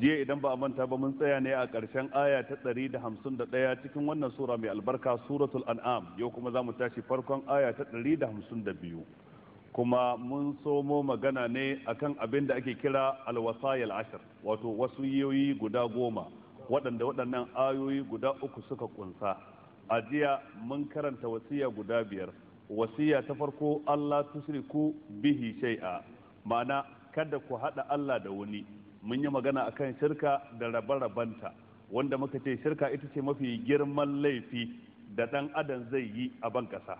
jiya idan ba a manta ba mun tsaya ne a ƙarshen aya ta ɗari da hamsin da ɗaya cikin wannan sura mai albarka suratul an'am yau kuma za mu tashi farkon aya ta ɗari da hamsin da biyu kuma mun somo magana ne akan abin da ake kira alwasayil ashir wato wasu yoyi guda goma waɗanda waɗannan ayoyi guda uku suka kunsa a jiya mun karanta wasiya guda biyar wasiya ta farko Allah tusriku bihi shay'a ma'ana kada ku haɗa Allah da wani mun yi magana a kan shirka da rabe-rabenta wanda muka ce shirka ita ce mafi girman laifi da ɗan adam zai yi a ban ƙasa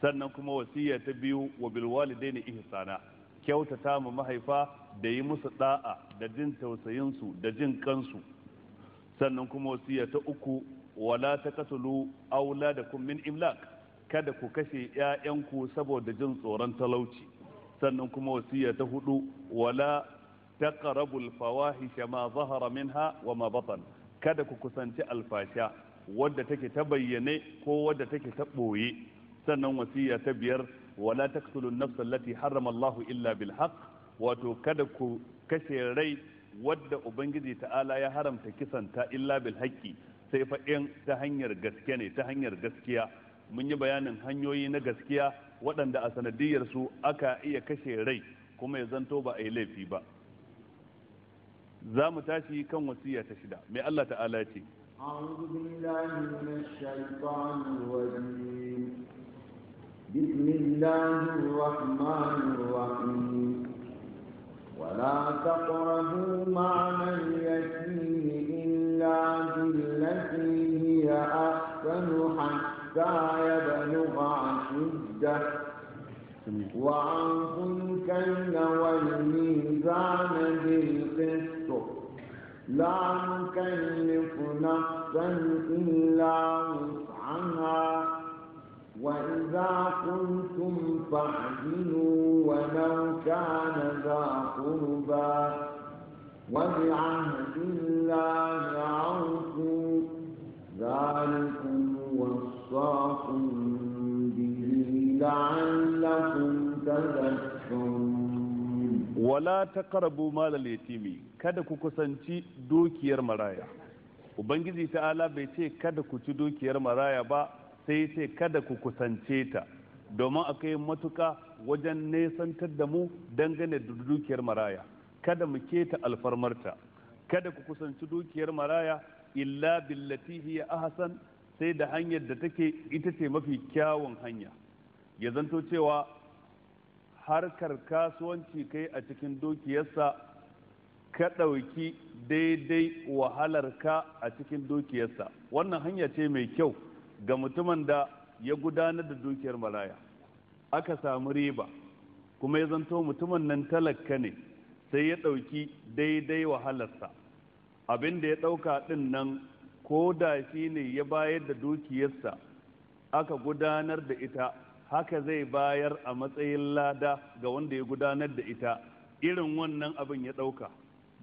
sannan kuma wasiya ta biyu wa bilwalidaini ihsana kyautata ma mahaifa da yi musu da'a da jin tausayinsu da jin kansu sannan kuma wasiya ta uku wala ta katulu aula da min imlak kada ku kashe 'ya'yanku saboda jin tsoron talauci sannan kuma wasiya ta hudu wala taqrabu al-fawahisha ma zahara minha wa ma batan kada ku kusanci alfasha wadda take ta bayyane ko wadda take ta boye sannan wasiya ta biyar wala taqtulu an-nafsa allati harrama illa bil haqq wato kada ku kashe rai wadda ubangiji ta'ala ya haramta kisanta illa bil haqqi sai fa in ta hanyar gaske ne ta hanyar gaskiya mun yi bayanin hanyoyi na gaskiya waɗanda a sanadiyar su aka iya kashe rai kuma ya zanto ba a yi laifi ba za mu tashi kan wasiya ta shida mai Allah ta'ala ce أعوذ بالله من الشيطان الرجيم بسم الله الرحمن الرحيم ولا تقربوا معنى حتى يبلغ أشده وأوفوا الكيل والميزان بالقسط لا نكلف نفسا إلا وسعها وإذا قلتم فاعدلوا ولو كان ذا قربى وبعهد الله عوفوا ذلكم وصاكم به لعلكم تذكرون wala ta karabu malal yatimi kada ku kusanci dukiyar maraya ubangiji ta'ala bai ce kada ku ci dukiyar maraya ba sai ce kada ku kusance ta domin akai matuka wajen nesantar da mu dangane da dukiyar maraya kada mu ke keta alfarmarta kada ku kusanci dukiyar maraya illa billati hiya ahsan sai da hanyar da take ita ce mafi kyawun hanya ya zanto cewa harkar kasuwanci kai a cikin dukiyarsa ka ɗauki daidai wahalarka a cikin dukiyarsa wannan hanya ce mai kyau ga mutumin da ya gudanar da dukiyar malaya. aka samu riba kuma ya zanto mutumin nan talaka ne sai ya ɗauki daidai wahalarsa abin da ya ɗauka ɗin nan ko da shi ne ya bayar da dukiyarsa aka gudanar da ita haka zai bayar a matsayin lada ga wanda ya gudanar da ita irin wannan abin ya ɗauka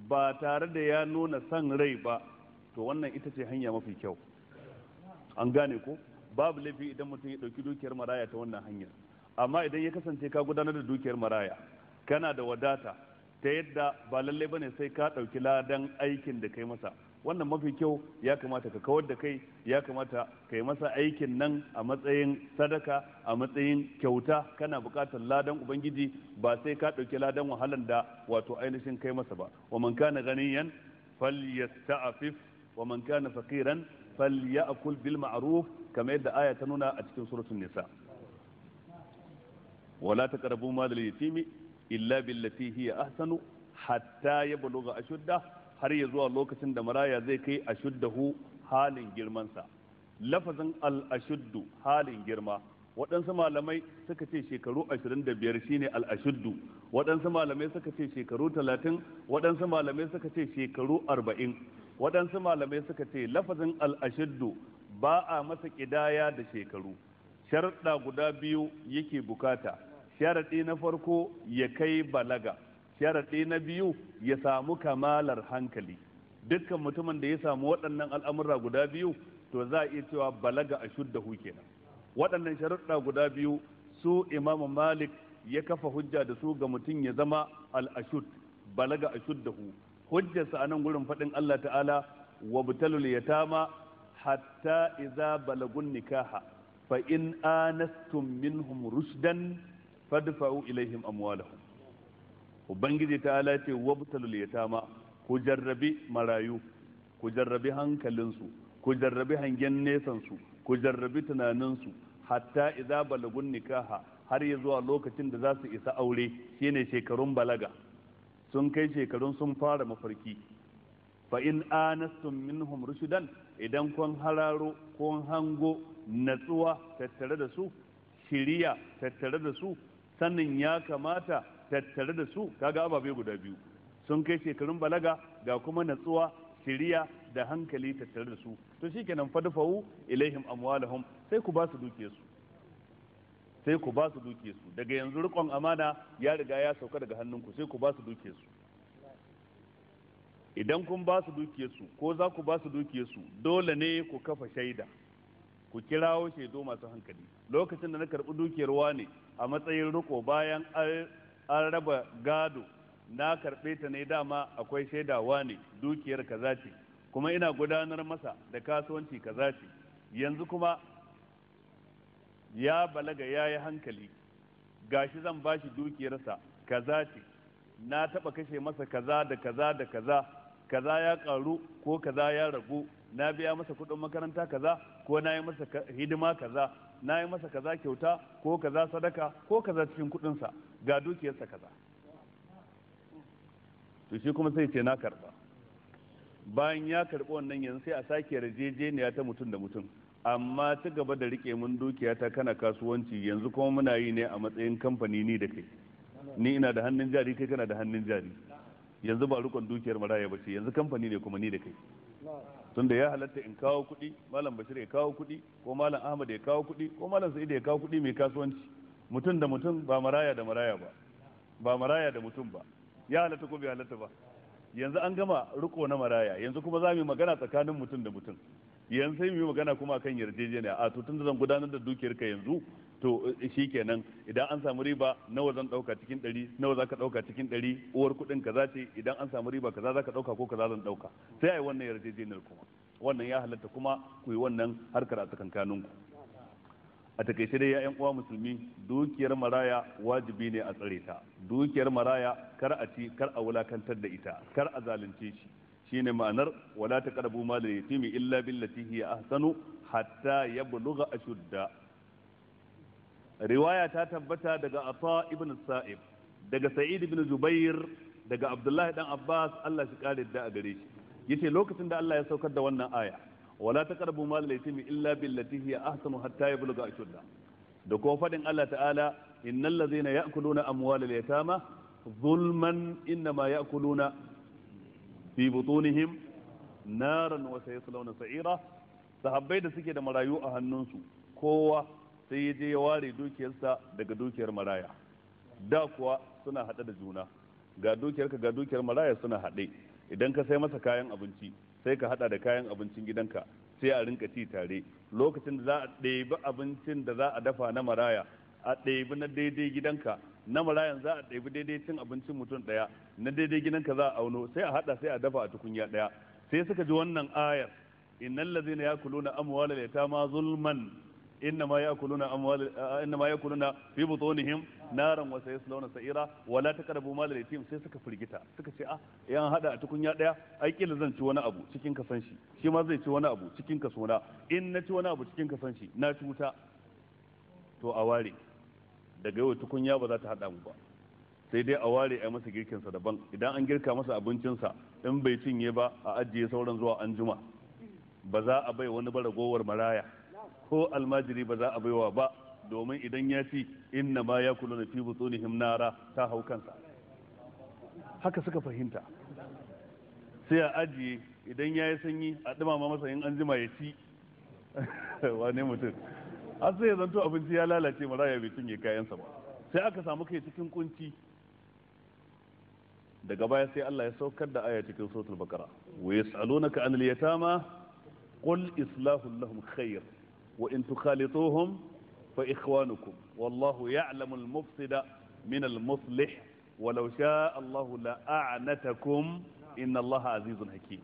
ba tare da ya nuna son rai ba to wannan ita ce hanya mafi kyau an gane ko babu laifi idan mutum ya ɗauki dukiyar maraya ta wannan hanyar amma idan ya kasance ka gudanar da dukiyar maraya kana da wadata ta yadda ba lallai ba ne sai ka ɗauki ladan aikin da kai masa wannan mafi kyau ya kamata ka kawar da kai ya kamata ka yi masa aikin nan a matsayin sadaka a matsayin kyauta kana bukatar ladan ubangiji ba sai ka ɗauki ladan wahalan da wato ainihin kai masa ba wa man kana ganiyan falyasta'fif wa man kana faqiran falyakul bil ma'ruf kamar yadda aya ta nuna a cikin suratul nisa wala taqrabu mal yatimi illa billati hiya ahsanu hatta yablugha ashuddah har ya zuwa lokacin da maraya zai kai ashuddahu halin girmansa lafazin al-ashuddu halin girma waɗansu malamai suka ce shekaru 25 shine al-ashuddu waɗansu malamai suka ce shekaru 30 waɗansu malamai suka ce shekaru 40 waɗansu malamai suka ce lafazin al-ashuddu ba a masa ƙidaya da shekaru sharɗa guda biyu yake bukata sharaɗi na farko ya kai balaga sharaɗi na biyu ya samu kamalar hankali dukkan mutumin da ya samu waɗannan al'amura guda biyu to za a iya cewa balaga a shuddahu kenan waɗannan sharuɗa guda biyu su imamu malik ya kafa hujja da su ga mutum ya zama al'ashud balaga a hu hujjarsa a nan gurin faɗin allah ta'ala wa butalul yatama hatta iza balagun nikaha fa in anastum minhum rushdan fadfa'u ilaihim amwalahum ubangiji ta ala ce wabtalul yatama ku jarrabi marayu ku jarrabi hankalinsu ku jarrabi hangen nesansu ku jarrabi tunaninsu hatta idza balagun nikaha har ya zuwa lokacin da za su isa aure shine shekarun balaga sun kai shekarun sun fara mafarki fa in anastum minhum rushdan idan kun hararo kun hango natsuwa tattare da su shiriya tattare da su sannan ya kamata tattare da su kaga ababe guda biyu sun kai shekarun balaga ga kuma natsuwa shiriya da hankali tattare da su to shikenan fadfa'u ilaihim amwalahum sai ku ba su dukiyarsu sai ku ba su dukiyarsu daga yanzu rikon amana ya riga ya sauka daga hannunku sai ku ba su dukiyarsu idan kun ba su dukiyarsu ko za ku ba su dukiyarsu dole ne ku kafa shaida ku kirawo shaido masu hankali lokacin da na karɓi dukiyar ne a matsayin riko bayan an raba gado na karɓe ta ne dama akwai shaidawa ne dukiyar kaza ce kuma ina gudanar masa da kasuwanci kaza ce yanzu kuma ya balaga ya yi hankali shi zan bashi dukiyarsa kaza ce na taɓa kashe masa kaza da kaza da kaza kaza ya ƙaru ko kaza ya ragu na biya masa kuɗin makaranta kaza ko na yi masa hidima kaza na yi masa kaza kyauta ko kaza sadaka ko kaza cikin kuɗinsa ga dukiyarsa kaza to shi kuma sai ce na karba bayan ya karbi wannan yanzu sai a sake yarjejeniya ta mutum da mutum amma ci gaba da rike mun dukiya ta kana kasuwanci yanzu kuma muna yi ne a matsayin kamfani ni da kai ni ina da hannun jari kai kana da hannun jari yanzu ba rukon dukiyar maraya ba ce yanzu kamfani ne kuma ni da kai da ya halatta in kawo kuɗi malam bashir ya kawo kuɗi ko malam ahmad ya kawo kuɗi ko malam sa'id ya kawo kuɗi mai kasuwanci mutum da mutum ba maraya da maraya ba ba maraya da mutum ba ya halatta ko bai halatta ba yanzu an gama riko na maraya yanzu kuma za mu yi magana tsakanin mutum da mutum yanzu sai mu yi magana kuma akan yarjejeniya a to da zan gudanar da dukiyar ka yanzu to eh, shikenan idan an samu riba nawa zan dauka cikin dari nawa zaka dauka cikin dari uwar kudin kaza ce idan an samu riba kaza zaka dauka ko kaza zan dauka sai ai wannan yarjejeniyar kuma wannan ya halatta kuma ku yi wannan harkar a tsakankaninku a takaice dai ya'yan uwa musulmi dukiyar maraya wajibi ne a tsare ta dukiyar maraya kar a ci kar a wulakantar da ita kar a zalunce shi shine ma'anar wala ta taqrabu mal yatimi illa billati hiya ahsanu hatta yablugha ashudda riwaya ta tabbata daga afa ibn Sa'ib daga Sa'id ibn zubair daga Abdullahi dan Abbas Allah shi kare da a gare shi yace lokacin da Allah ya saukar da wannan aya wala taqrabu mal al-yatim illa billati hiya ahsanu hatta yablugha ashudda da kuma fadin Allah ta'ala innal ladzina ya'kuluna amwal al-yatama zulman innama ya'kuluna fi butunihim naran wa sayaslawna sa'ira sahabbai da suke da marayu a hannunsu kowa sai ya je ya ware dukiyarsa daga dukiyar maraya da kuwa suna haɗe da juna ga dukiyarka ga dukiyar maraya suna haɗe idan ka sai masa kayan abinci sai ka hada da kayan abincin gidanka sai a rinka ci tare lokacin da za a ɗebi abincin da za a dafa na maraya a ɗebi na daidai gidanka na marayan za a ɗebi daidai cin abincin mutum ɗaya na daidai gidanka za a auno sai a hada sai a dafa a tukunya ɗaya sai suka ji wannan ayar innal ladzina yakuluna amwala yatama zulman إنما يأكلون أموال إنما يأكلون في بطونهم نارا وسيصلون سعيرا ولا تقربوا مال اليتيم sai suka firgita suka ce ah yan hada a tukunya daya ai kila zan ci wani abu cikin ka san shi shi zai ci wani abu cikin ka in na ci wani abu cikin a ware daga yau tukunya ba za ta hada mu ba sai dai a ware a masa sa daban idan an girka masa abincin sa in bai cinye ba a ajiye sauran zuwa anjuma ba za a bai wani ba ragowar maraya ko almajiri ba za a baiwa ba domin idan ya ci inna ma ya kula fi butunihim nara ta hau kansa haka suka fahimta sai a ajiye idan ya yi sanyi a dumama masa yin an jima ya ci wane mutum har sai ya zanto abinci ya lalace mara ya bai ya kayansa ba sai aka samu kai cikin kunci daga baya sai Allah ya saukar da aya cikin suratul baqara wa yas'alunaka anil yatama qul islahu lahum khair wa in tukhalituhum fa ikhwanukum wallahu ya'lamu al-mufsida min al-muslih walau sha Allahu la a'natakum inna azizun hakim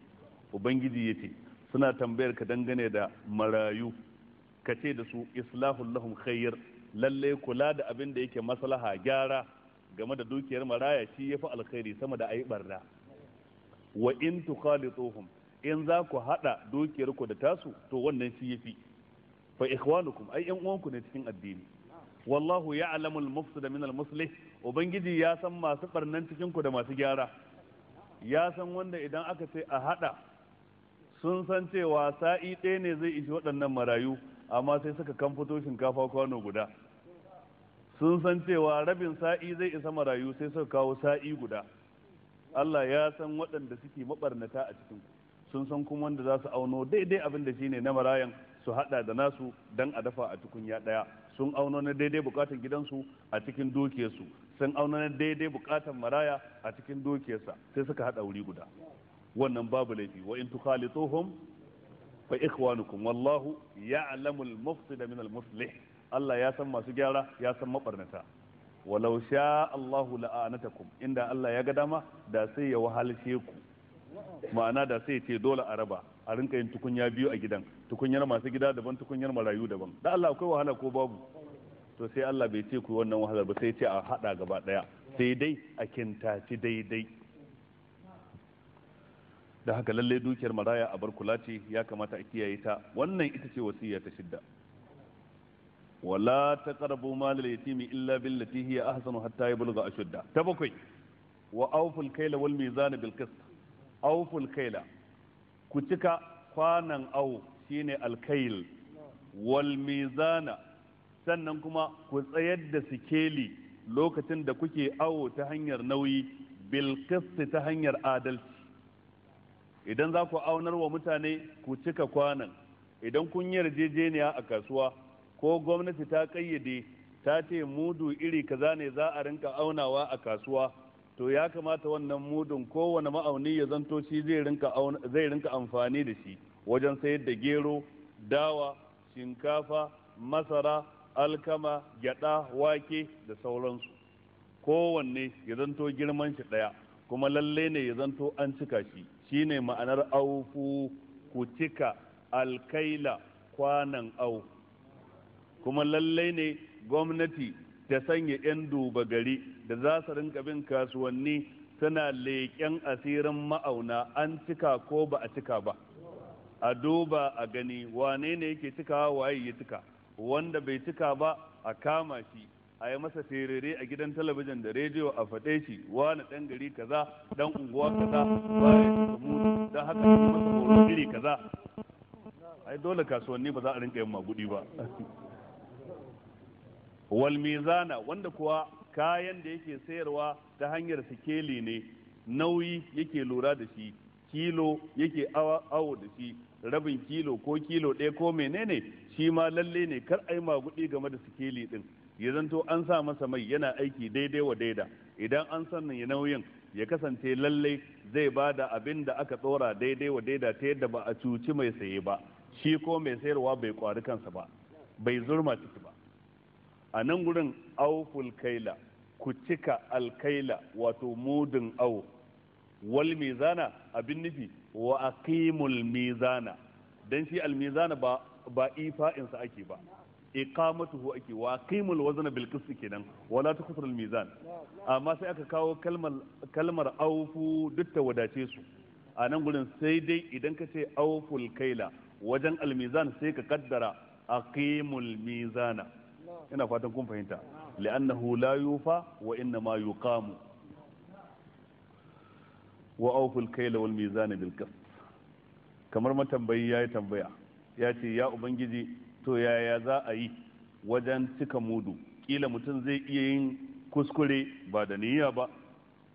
ubangiji yace suna tambayar ka dangane da marayu kace ce da su islahul lahum khair lalle kula da abin da yake maslaha gyara game da dukiyar maraya shi yafi alkhairi sama da ayi barna wa in tukhalituhum in za ku hada dukiyarku da tasu to wannan shi yafi fa ikhwanukum ai yan uwanku ne cikin addini wallahu ya'lamu al-mufsida min al-muslih ubangiji ya san masu barnan cikin ku da masu gyara ya san wanda idan aka ce a hada sun san cewa sa'i ɗaya ne zai ishi waɗannan marayu amma sai suka kan fito shinkafa kwano guda sun san cewa rabin sa'i zai isa marayu sai suka kawo sa'i guda Allah ya san waɗanda suke mabarnata a cikin sun san kuma wanda za su auno daidai abin da shine na marayan su hada da nasu dan a dafa a tukunya daya sun auna na daidai bukatan gidansu a cikin dukiyarsu sun auna na daidai bukatan maraya a cikin dukiyarsa sai suka hada wuri guda wannan babu laifi wa in tukhalituhum fa ikhwanukum wallahu ya'lamu al-mufsid min al-muslih Allah ya san masu gyara ya san mabarnata walau sha Allahu la'anatakum inda Allah ya ga dama da sai ya wahalce ku ma'ana da sai ce dole a raba a rinka yin tukunya biyu a gidan tukunyar masu gida daban tukunyar marayu daban da Allah akwai wahala ko babu to sai Allah bai ce ku wannan wahala ba sai ce a hada gaba daya sai dai a kintaci daidai da haka lalle dukiyar maraya a barkula ce ya kamata a kiyaye ta wannan ita ce wasiya ta shidda wala taqrabu mal al-yatimi illa billati hiya ahsanu hatta yablugha ashudda ta bakwai wa awful kayla wal mizan bil qist awful kayla ku cika kwanan awo shine alkail wal mizana sannan kuma ku tsayar da sikeli lokacin da kuke awo ta hanyar nauyi bil ta hanyar adalci idan za ku aunar wa mutane ku cika kwanan idan kun yi yarjejeniya a kasuwa ko gwamnati ta kayyade ta ce mudu iri kaza ne za a rinka aunawa a kasuwa to ya kamata wannan mudun kowane ma'auni ya zanto shi zai rinka amfani da shi wajen sayar da gero dawa shinkafa masara alkama gyada wake da sauransu kowanne ya zanto girman shi ɗaya kuma lalle ne ya zanto an cika shi shine ma'anar aufu ku cika alkaila kwanan au kuma lalle ne gwamnati da sanya 'yan duba gari da za su rinka bin kasuwanni suna leƙen asirin ma'auna an cika ko ba a cika ba a duba a gani wane ne yake cikawa waye ya cika wanda bai cika ba a kama shi a yi masa terere a gidan talabijin da rediyo a faɗe shi wani ɗan gari kaza ɗan unguwa kaza ba ya samu haka masa horo kaza ai dole kasuwanni ba za a rinka yin maguɗi ba Walmizana wanda kuwa kayan da yake sayarwa ta hanyar sikeli ne nauyi yake lura da shi kilo yake awo da shi rabin kilo ko kilo ɗaya ko menene shi ma lalle ne kar a yi maguɗi game da sikeli ɗin ya zanto an sa masa mai yana aiki daidai wa daida idan an san ya nauyin ya kasance lalle zai ba da abin da aka tsora daidai wa daida ta yadda ba a cuci mai saye ba shi ko mai sayarwa bai kwari kansa ba bai zurma ciki ba a nan gurin auful kaila ku cika alkaila wato mudin au wal mizana abin nufi wa aqimul mizana dan shi al mizana ba ba ifa'in sa ake ba iqamatuhu ake wa aqimul wazna bil qist kenan wala tukhsir al mizan amma sai aka kawo kalmar kalmar aufu duk ta wadace su a nan gurin sai dai idan ka ce auful kaila wajen al mizan sai ka kaddara aqimul mizana ina fatan kun fahimta li'annahu la yufa wa inna ma yuqamu wa awfu al-kayla wal mizana bil qist kamar matambayi yayi tambaya ya ce ya ubangiji to yaya za a yi wajen cika mudu kila mutum zai iya yin kuskure ba da niyya ba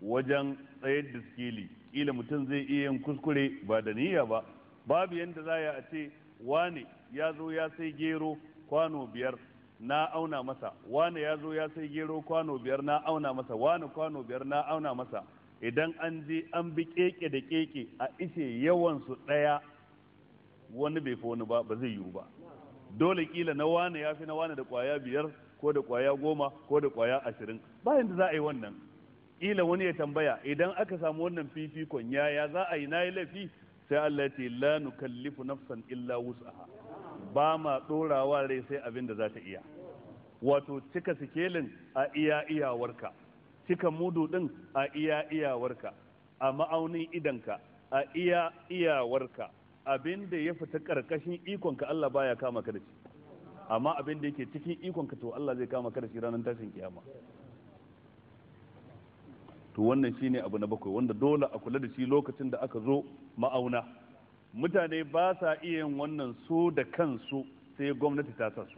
wajen tsayar da sikeli kila mutum zai iya yin kuskure ba da niyya ba babu yadda za a ce wane ya zo ya sai gero kwano biyar na auna masa wane ya zo ya sai gero kwano biyar na auna masa wani kwano biyar na auna masa idan an je an bi keke da keke a ishe su ɗaya wani bai fi wani ba ba zai yiwu ba dole kila na wani ya fi na wani da kwaya biyar ko da kwaya goma ko da kwaya ashirin bayan da za a yi wannan kila wani ya tambaya idan aka samu wannan fifikon yaya za a yi na yi laifi sai Allah ya ce la nukallifu nafsan illa wus'aha ba ma ɗorawa rai sai abin da za ta iya wato cika sikelin a iya iyawarka cika mudu ɗin a iya iyawarka a ma'aunin idanka a iya iyawarka abin da ya fita ƙarƙashin ikonka Allah baya kama ka da shi amma abin da yake cikin ikonka to Allah zai kama ka da shi ranar tashin kiyama to wannan shine abu na bakwai wanda dole a kula da shi lokacin da aka zo ma'auna mutane ba sa iya yin wannan su da kansu sai gwamnati ta sa su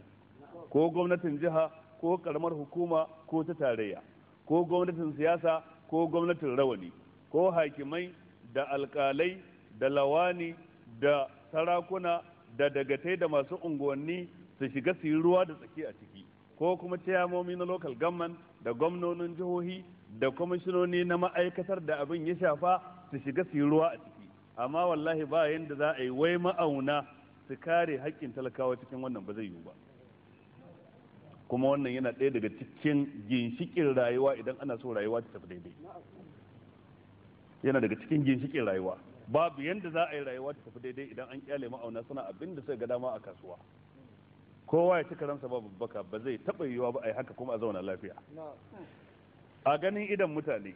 ko gwamnatin jiha ko karamar hukuma ko ta tarayya ko gwamnatin siyasa ko gwamnatin rawani ko hakimai da alkalai da lawani da sarakuna da dagatai da masu unguwanni su shiga su yi ruwa da tsaki a ciki ko kuma ciyamomi na local government da gwamnonin jihohi da kwamishinoni na ma'aikatar da abin ya shafa su shiga su yi ruwa a ciki amma wallahi ba yadda za a yi wai ma'auna su kare haƙƙin talakawa cikin wannan ba zai yiwu ba kuma wannan yana ɗaya daga cikin ginshikin rayuwa idan ana so rayuwa ta tafi daidai yana daga cikin ginshikin rayuwa babu yadda za a yi rayuwa ta tafi daidai idan an kyale ma'auna suna abin da suka ga dama a kasuwa kowa ya cika ransa babu baka ba zai taɓa yiwuwa ba a yi haka kuma a zauna lafiya a ganin idan mutane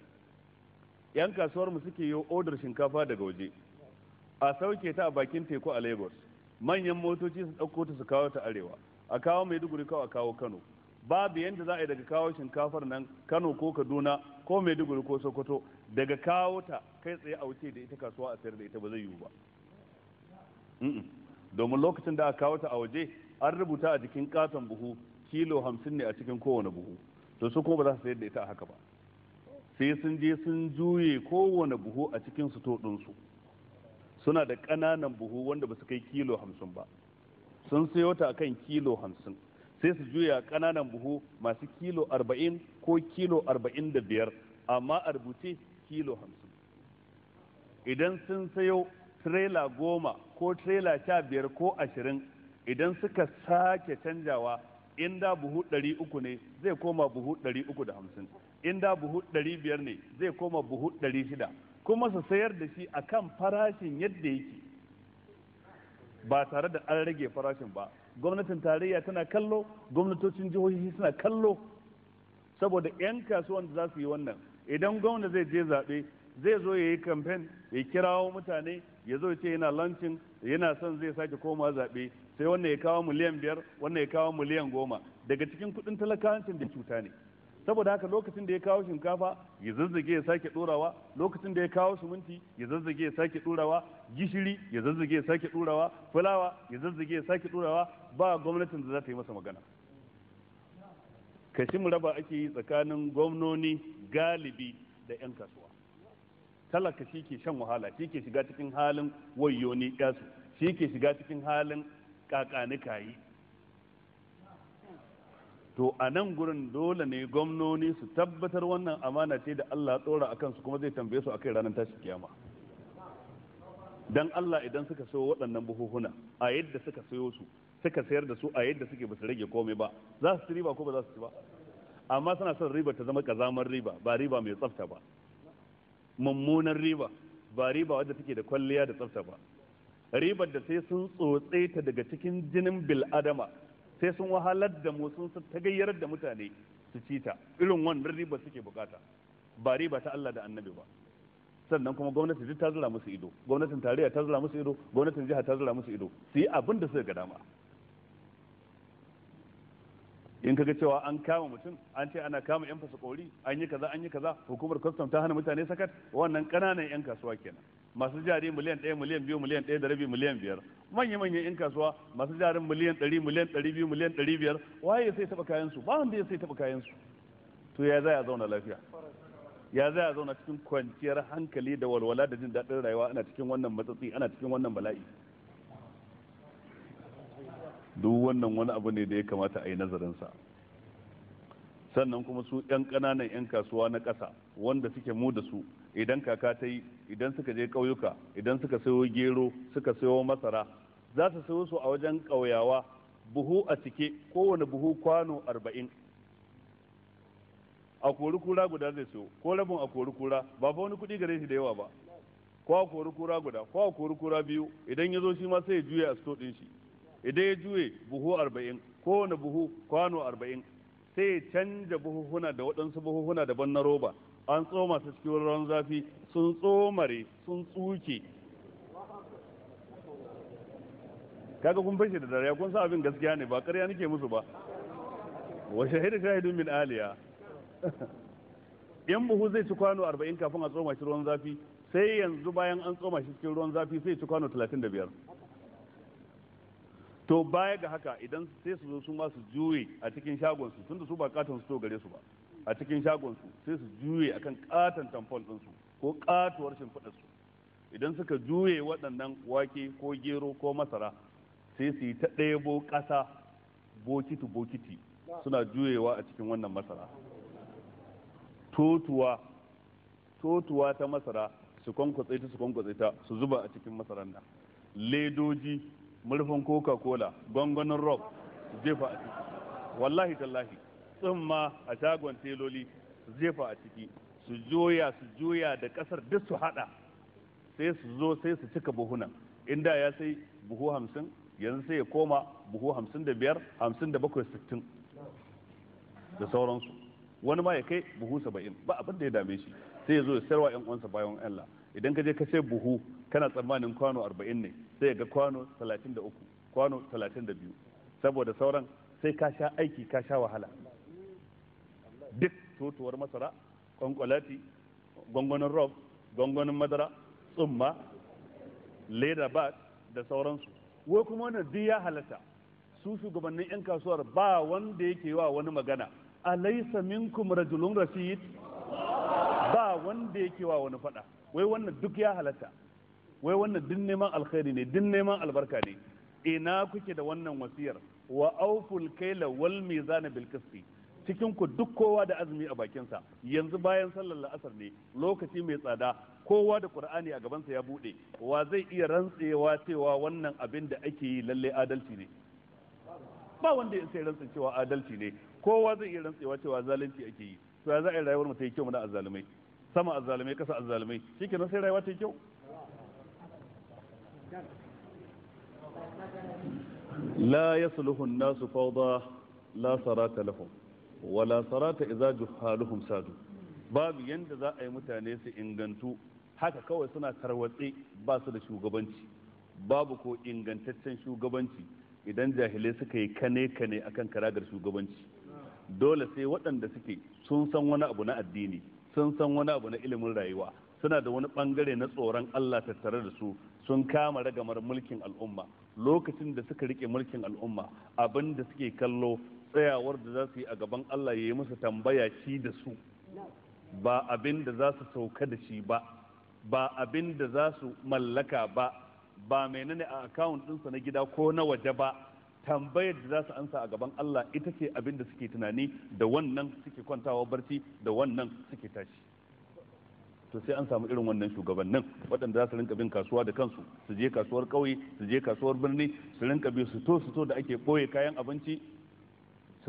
yan kasuwar mu suke yi odar shinkafa daga waje a sauke ta a bakin teku a lagos manyan motoci su ɗauko ta su kawo ta arewa a kawo maiduguri kawo a kawo kano babu yadda za a yi daga kawo shinkafar nan kano ko kaduna ko maiduguri ko sokoto daga kawo ta kai tsaye a wuce da ita kasuwa a sayar da ita ba zai yiwu ba domin lokacin da aka kawo ta a waje an rubuta a jikin katon buhu kilo hamsin ne a cikin kowane buhu to su kuma ba za su sayar da ita a haka ba sai sun je sun juye kowane buhu a cikin su to ɗinsu suna da ƙananan buhu wanda ba su kai kilo hamsin ba sun sayo ta kan kilo hamsin sai su juya ƙananan buhu masu kilo arba'in ko kilo arba'in da biyar amma a rubuce kilo hamsin idan sun sayo tirela goma ko tirela sha biyar ko ashirin idan suka sake canjawa inda da buhu ɗari uku ne zai koma buhu ɗari uku da hamsin in da buhu ɗari biyar ne zai koma buhu ɗari shida kuma su sayar da shi a kan farashin yadda yake ba tare da an rage farashin ba gwamnatin tarayya tana kallo gwamnatocin jihohi suna kallo saboda 'yan kasuwan da za su yi wannan idan gwamna zai je zaɓe zai zo ya yi kamfen ya kirawo mutane ya zo ce yana lancin yana son zai sake koma zaɓe sai wannan ya kawo miliyan biyar wannan ya kawo miliyan goma daga cikin kuɗin talakancin da cuta ne saboda haka lokacin da ya kawo shinkafa ya zazzage ya sake ɗorawa lokacin da ya kawo suminti ya zazzage ya sake ɗorawa gishiri ya zazzage ya sake ɗorawa fulawa ya zazzage ya sake ɗorawa ba gwamnatin da za ta yi masa magana kashin raba ake yi tsakanin gwamnoni galibi da 'yan kasuwa talaka shi ke shan wahala shi ke shiga cikin halin wayyoni ne shi ke shiga cikin halin kakanikayi to a nan gurin dole ne gwamnoni su tabbatar wannan amana ce da Allah tsora a kansu kuma zai tambaye su akai ranar tashin kiyama dan Allah idan suka sayo waɗannan buhuhuna a yadda suka sayo su suka sayar da su a yadda suke ba su rage komai ba za su ci riba ko ba za su ci ba amma suna son riba ta zama kazamar riba ba riba mai tsafta ba mummunan riba ba riba wadda take da kwalliya da tsafta ba ribar da sai sun tsotse ta daga cikin jinin bil'adama sai sun wahalar da mu sun tagayyarar da mutane su ci ta irin wannan riba suke bukata ba riba ta Allah da annabi ba sannan kuma gwamnati duk ta zura musu ido gwamnatin tarayya ta zura musu ido gwamnatin jiha ta zura musu ido su yi abin da suka ga dama in kaga cewa an kama mutum an ce ana kama yan fasakori an yi kaza an yi kaza hukumar custom ta hana mutane sakat wannan kananan yan kasuwa kenan masu jari miliyan ɗaya miliyan biyu miliyan ɗaya da rabi miliyan biyar manya-manyan 'yan kasuwa masu jarin miliyan 100 miliyan 200 miliyan 500 waye sai taba kayan su ba wanda ya sai taba kayan su to ya za a zauna lafiya ya za a zauna cikin kwanciyar hankali da walwala da jin daɗin rayuwa ana cikin wannan matsatsi ana cikin wannan bala'i duk wannan wani abu ne da ya kamata a yi nazarinsa sannan kuma su 'yan ƙananan 'yan kasuwa na ƙasa wanda suke mu da su idan kaka ta yi idan suka je ƙauyuka idan suka sayo gero suka sayo masara za su sayo su a wajen ƙauyawa buhu a cike kowane buhu kwano arba'in a kori kura guda zai sayo ko rabin a kori kura ba fa wani kuɗi gare shi da yawa ba ko a kori kura guda ko a kori kura biyu idan ya zo shi ma sai ya juya a sto ɗin shi idan ya juye buhu arba'in kowane buhu kwano arba'in sai ya canja buhuhuna da waɗansu buhuhuna daban na roba an tsoma su cikin ruwan zafi sun tsomare sun tsuke kaga kun fashe da dariya kun sa abin gaskiya ne ba ƙarya nake musu ba wa shahidu shahidun min aliya yan buhu zai ci kwano 40 kafin a tsoma shi ruwan zafi sai yanzu bayan an tsoma shi cikin ruwan zafi sai ci kwano 35 to baya ga haka idan sai su zo su ma su juye a cikin shagon su tunda su ba katon su to gare su ba a cikin shagonsu sai su juye akan katon tamfol ɗinsu ko katuwar shimfiɗarsu idan suka juye waɗannan wake ko gero ko masara sai su yi ta ɗebo ƙasa bokiti bokiti suna juyewa a cikin wannan masara totuwa ta masara su kwankwatsa ta su kwankwatsa ta su zuba a cikin masaran nan ledoji murfin coca cola gwangwanin rob su jefa a ciki wallahi tallahi tsumma a shagon teloli zefa a ciki su joya su joya da kasar duk su hada sai su zo sai su cika buhunan inda ya sai buhu hamsin yanzu sai ya koma buhu hamsin da biyar hamsin da bakwai sittin da sauransu wani ma ya kai buhu saba'in ba abin da ya dame shi sai ya zo ya sayarwa yan uwansa bayan Allah idan ka je ka sai buhu kana tsammanin kwano arba'in ne sai ya ga kwano talatin da uku kwano talatin da biyu saboda sauran sai ka sha aiki ka sha wahala duk totuwar masara kwankwalati gwangwanin rob gwangwanin madara tsumma leda bat da sauransu wai kuma wannan duk ya halatta su shugabannin 'yan kasuwar ba wanda yake wa wani magana A alaisa minkum rajulun rashid ba wanda yake wa wani fada wai wannan duk ya halatta wai wannan duk neman alkhairi ne duk neman albarka ne ina kuke da wannan wasiyar wa auful kaila wal mizana bil qisti cikin ku duk kowa da azumi a bakinsa yanzu bayan sallar la'asar ne lokaci mai tsada kowa da qur'ani a gabansa ya bude wa zai iya rantsewa cewa wannan abin da ake yi lalle adalci ne ba wanda ya sai rantsa cewa adalci ne kowa zai iya rantsewa cewa zalunci ake yi to ya za a yi rayuwar mu ta yi kyau na azzalumai sama azzalumai kasa azzalumai shikenan sai rayuwa ta yi kyau لا يصلح الناس فوضى لا صلاة لهم wala sarata iza juhaluhum sadu babu yanda za a yi mutane su ingantu haka kawai suna tarwatse ba su da shugabanci babu ko ingantaccen shugabanci idan jahilai suka yi kane kane akan karagar shugabanci dole sai waɗanda suke sun san wani abu na addini sun san wani abu na ilimin rayuwa suna da wani bangare na tsoron Allah tattare da su sun kama ragamar mulkin al'umma lokacin da suka rike mulkin al'umma abinda suke kallo tsayawar da za su yi a gaban Allah ya yi musu tambaya shi da su ba abin da za su sauka da shi ba ba abin da za su mallaka ba ba menene a akawun ɗinsa na gida ko na waje ba tambayar da za su ansa a gaban Allah ita ce abin da suke tunani da wannan suke kwantawa barci da wannan suke tashi to sai an samu irin wannan shugabannin waɗanda za su rinka bin kasuwa da kansu su je kasuwar ƙauye su je kasuwar birni su rinka bi su to su to da ake ɓoye kayan abinci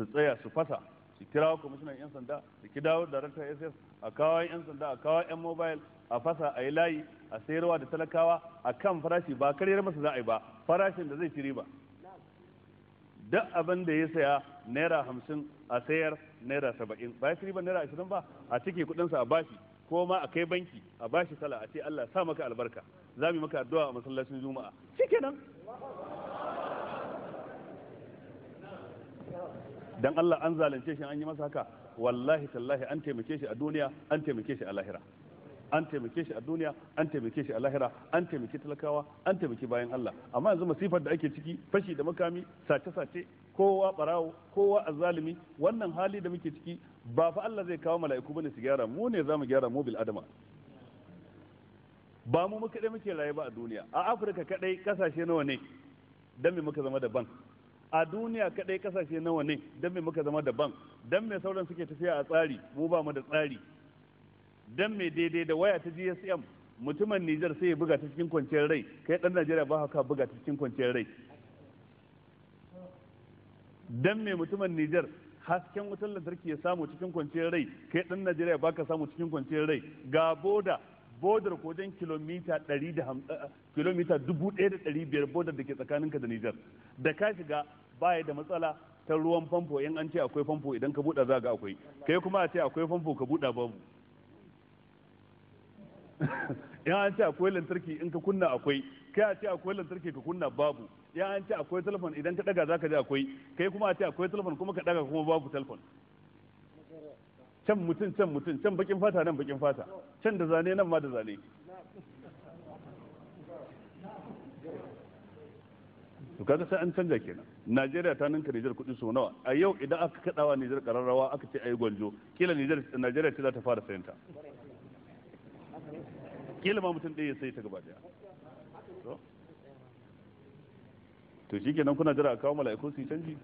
su tsaya su fasa su kirawo kwamishinan 'yan sanda su kidawo rantar ss a kawo 'yan sanda a kawo 'yan mobile a fasa a yi layi a sayarwa da talakawa a kan farashi ba karyar masa za yi ba farashin da zai shiri riba duk abin da ya saya naira hamsin a sayar naira saba'in ba ya shiri riba naira ashirin ba a cike kudinsa a bashi ko ma a kai banki a bashi sala a ce allah sa maka albarka za mu yi maka addu'a a masallacin juma'a shikenan dan Allah an zalunce shi an yi masa haka wallahi tallahi an taimake shi a duniya an taimake shi a lahira an taimake shi a duniya an taimake shi a lahira an taimake talakawa an taimake bayan Allah amma yanzu masifar da ake ciki fashi da makami sace sace kowa barawo kowa azzalimi wannan hali da muke ciki ba fa Allah zai kawo mala'iku bane su gyara mu ne zamu gyara mubil adama ba mu muka muke rayuwa ba a duniya a Afirka kadai kasashe nawa ne dan me muka zama daban a duniya kadai kasashe nawa ne don me muka zama daban don me sauran suke tafiya a tsari mu ba mu da tsari don me daidai da waya ta GSM mutumin Nijar sai ya buga ta cikin kwanciyar rai kai dan Najeriya ba haka buga ta cikin kwanciyar rai don me mutumin Nijar hasken wutar lantarki ya samu cikin kwanciyar rai kai dan Najeriya ba ka samu cikin kwanciyar rai ga boda bodar kojan kilomita 100 eh, kilomita 1500 bodar da ke tsakaninka da Nijar da ka shiga baya da matsala ta ruwan famfo in an ce akwai famfo idan ka buɗa za ga akwai kai kuma a ce akwai famfo ka buɗa babu in an ce akwai lantarki in ka kunna akwai kai a ce akwai lantarki ka kunna babu in an ce akwai telefon idan ka daga za ka ji akwai kai kuma a ce akwai telefon kuma ka daga kuma babu telefon can mutum can mutum can bakin fata nan bakin fata can da zane nan ma da zane to kaga sai an canja kenan Najeriya ta ninka Nijar kuɗi sau nawa a yau idan aka kaɗawa Nijar ƙararrawa aka ce ayi gwanjo kila Nijar Najeriya ce za ta fara sayanta kila ma mutum ɗaya sai ta gaba daya to shi kenan kuna jira a kawo mala'iku su yi canji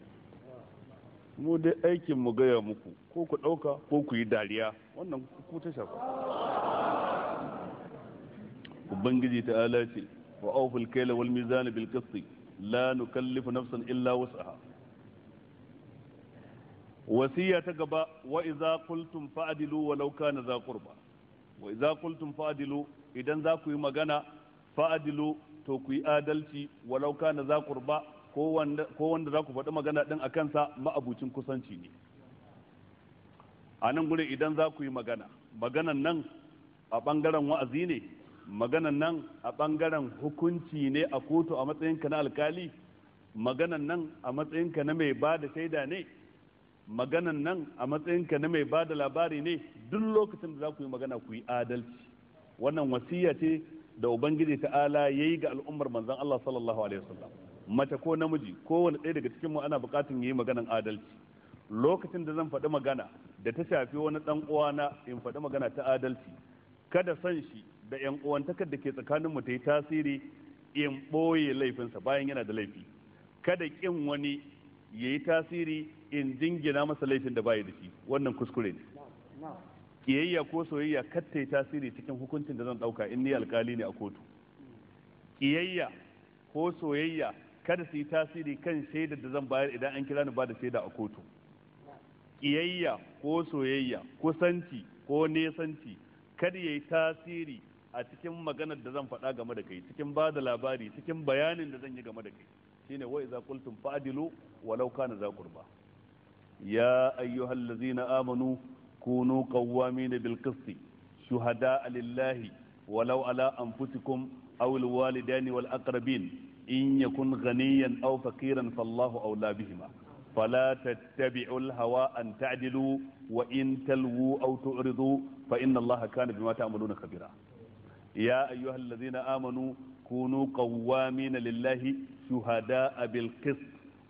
mu dai aikin mu gaya muku ko ku ɗauka ko ku yi dariya wannan ku ta shafa ubangiji ta ala ce wa aufil kaila wal mizan bil qisti la nukallifu nafsan illa wus'aha wasiya ta gaba wa idza qultum fa'dilu walau kana za qurba wa idza qultum fa'dilu idan za ku yi magana fa'dilu to ku yi adalci walau kana za qurba ko wanda ko wanda za ku faɗi magana din a kansa ma'abucin kusanci ne a nan gure idan za ku yi magana maganan nan a ɓangaren wa'azi ne maganan nan a ɓangaren hukunci ne a kotu a matsayinka na alkali maganan nan a matsayinka na mai ba da shaida ne maganan nan a matsayinka na mai ba da labari ne duk lokacin da za ku yi magana ku yi adalci wannan wasiya ce da ubangiji ta'ala ya yi ga al'ummar manzan Allah sallallahu alaihi wasallam mace ko namiji kowane ɗaya daga cikinmu ana buƙatar yi maganan adalci lokacin da zan faɗi magana da ta shafi wani ɗan uwana in faɗi magana ta adalci kada son shi da yan uwantakar da ke tsakanin mu ta yi tasiri in ɓoye laifinsa bayan yana da laifi kada kin wani ya yi tasiri in jingina masa laifin da bayi da shi wannan kuskure ne kiyayya ko soyayya kar ta yi tasiri cikin hukuncin da zan ɗauka in ni alkali ne a kotu kiyayya ko soyayya kada su yi tasiri kan shaidar da zan bayar idan an kira ni ba da shaida a kotu Ƙiyayya ko soyayya kusanci ko nesanci kada ya yi tasiri a cikin maganar da zan faɗa game da kai cikin ba da labari cikin bayanin da zan yi game da kai shine wa iza qultum fa'dilu walau kana za qurba ya ayyuhal ladzina amanu kunu qawwamin bil qisti shuhada lillahi walau ala anfusikum aw al walidaini wal aqrabin in yakun ghaniyan aw faqiran fallahu awla bihima فلا تتبعوا الهوى أن تعدلوا وإن تلووا أو تعرضوا فإن الله كان بما تعملون خبيرا ya ayyuhal ladzina amanu kunu qawwamina lillahi shuhada'a bil qist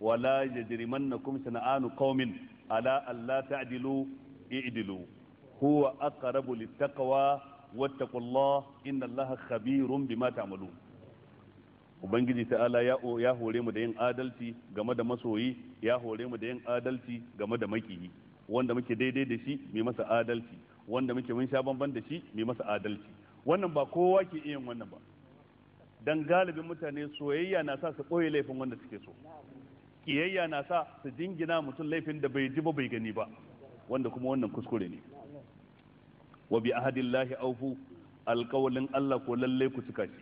wa la yajrimannakum shana'anu qaumin ala alla ta'dilu i'dilu huwa aqrabu littaqwa wattaqullaha innallaha khabirun bima ta'malun ubangiji ta'ala ya hore mu da yin adalci game da masoyi ya hore mu da yin adalci game da makiyi wanda muke daidai da shi mai masa adalci wanda muke mun sha bamban da shi mai masa adalci wannan ba kowa ke iya wannan ba dan galibin mutane soyayya na sa su ɓoye laifin wanda suke so kiyayya na sa su jingina mutum laifin da bai ji ba bai gani ba wanda kuma wannan kuskure ne wa bi ahadillahi aufu alkawalin Allah ko lalle ku cika shi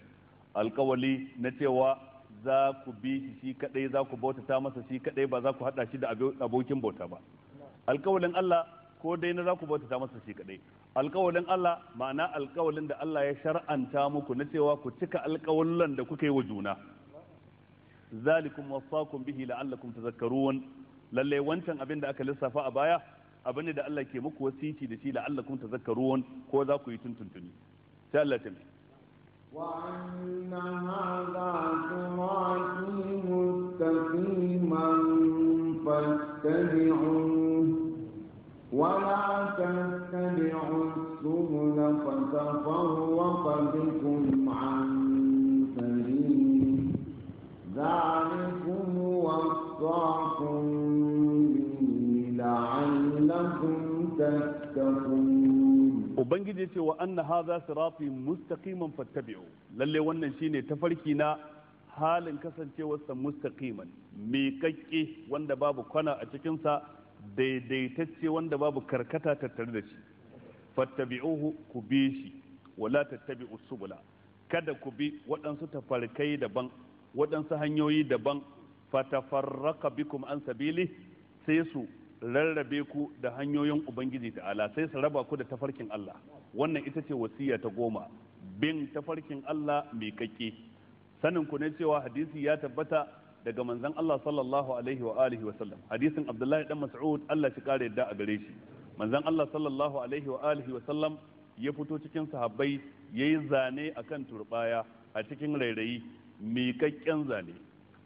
alkawali na cewa za ku bi shi shi kadai za ku bautata masa shi kadai ba za ku hada shi da abokin bauta ba alkawalin Allah ko dai na za ku bautata masa shi kadai alkawalin Allah ma'ana alkawalin da Allah ya shar'anta muku na cewa ku cika alkawallan da kuka yi wa juna zalikum wasaqum bihi la'allakum tadhakkarun lalle wancan abin da aka lissafa a baya abin da Allah ke muku wasiti da shi la'allakum tadhakkarun ko za ku yi tuntuntuni sai Allah ta وأن هذا صراطي مستقيما فاتبعوه ولا ثمن فتفرق بكم عن فريق ذلكم وصاكم لعلكم تتقون وبنجد وأن هذا صراطي مستقيما فاتبعوا للي وانا شيني تفركينا هال انكسن مستقيما ميكيكي وان بابو كنا اتكنسا دي دي تتسي وان بابو كركتا تتردشي fattabi'uhu ku bi shi wala tattabi'u subula kada ku bi waɗansu tafarkai daban waɗansu hanyoyi daban fatafarraka bikum an sabili sai su rarrabe ku da hanyoyin ubangiji ta'ala sai su raba ku da tafarkin Allah wannan ita ce wasiya ta goma bin tafarkin Allah mai kake sanin ku ne cewa hadisi ya tabbata daga manzon Allah sallallahu alaihi wa alihi wa sallam hadisin Abdullahi dan Mas'ud Allah shi kare yadda a gare shi manzon Allah sallallahu alaihi wa alihi wa sallam ya fito cikin sahabbai yi zane a kan turbaya a cikin rairayi miƙaƙƙen zane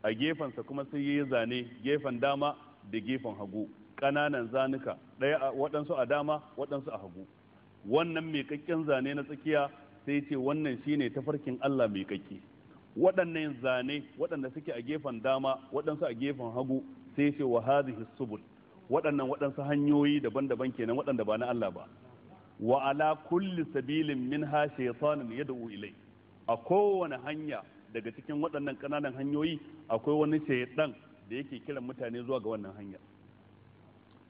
a gefensa kuma sai yayi zane gefen dama da gefen hagu ƙananan zanuka ɗaya waɗansu a dama waɗansu a hagu wannan miƙaƙƙen zane na tsakiya sai ce wannan shine tafarkin Allah miƙaƙƙe waɗannan zane waɗanda suke a gefen dama waɗansu a gefen hagu sai ce wa hadhihi subul waɗannan waɗansu hanyoyi daban-daban kenan waɗanda ba na Allah ba wa ala kulli sabilin minha shaytanun yad'u ilai a kowane hanya daga cikin waɗannan ƙananan hanyoyi akwai wani shaytan da yake kiran mutane zuwa ga wannan hanya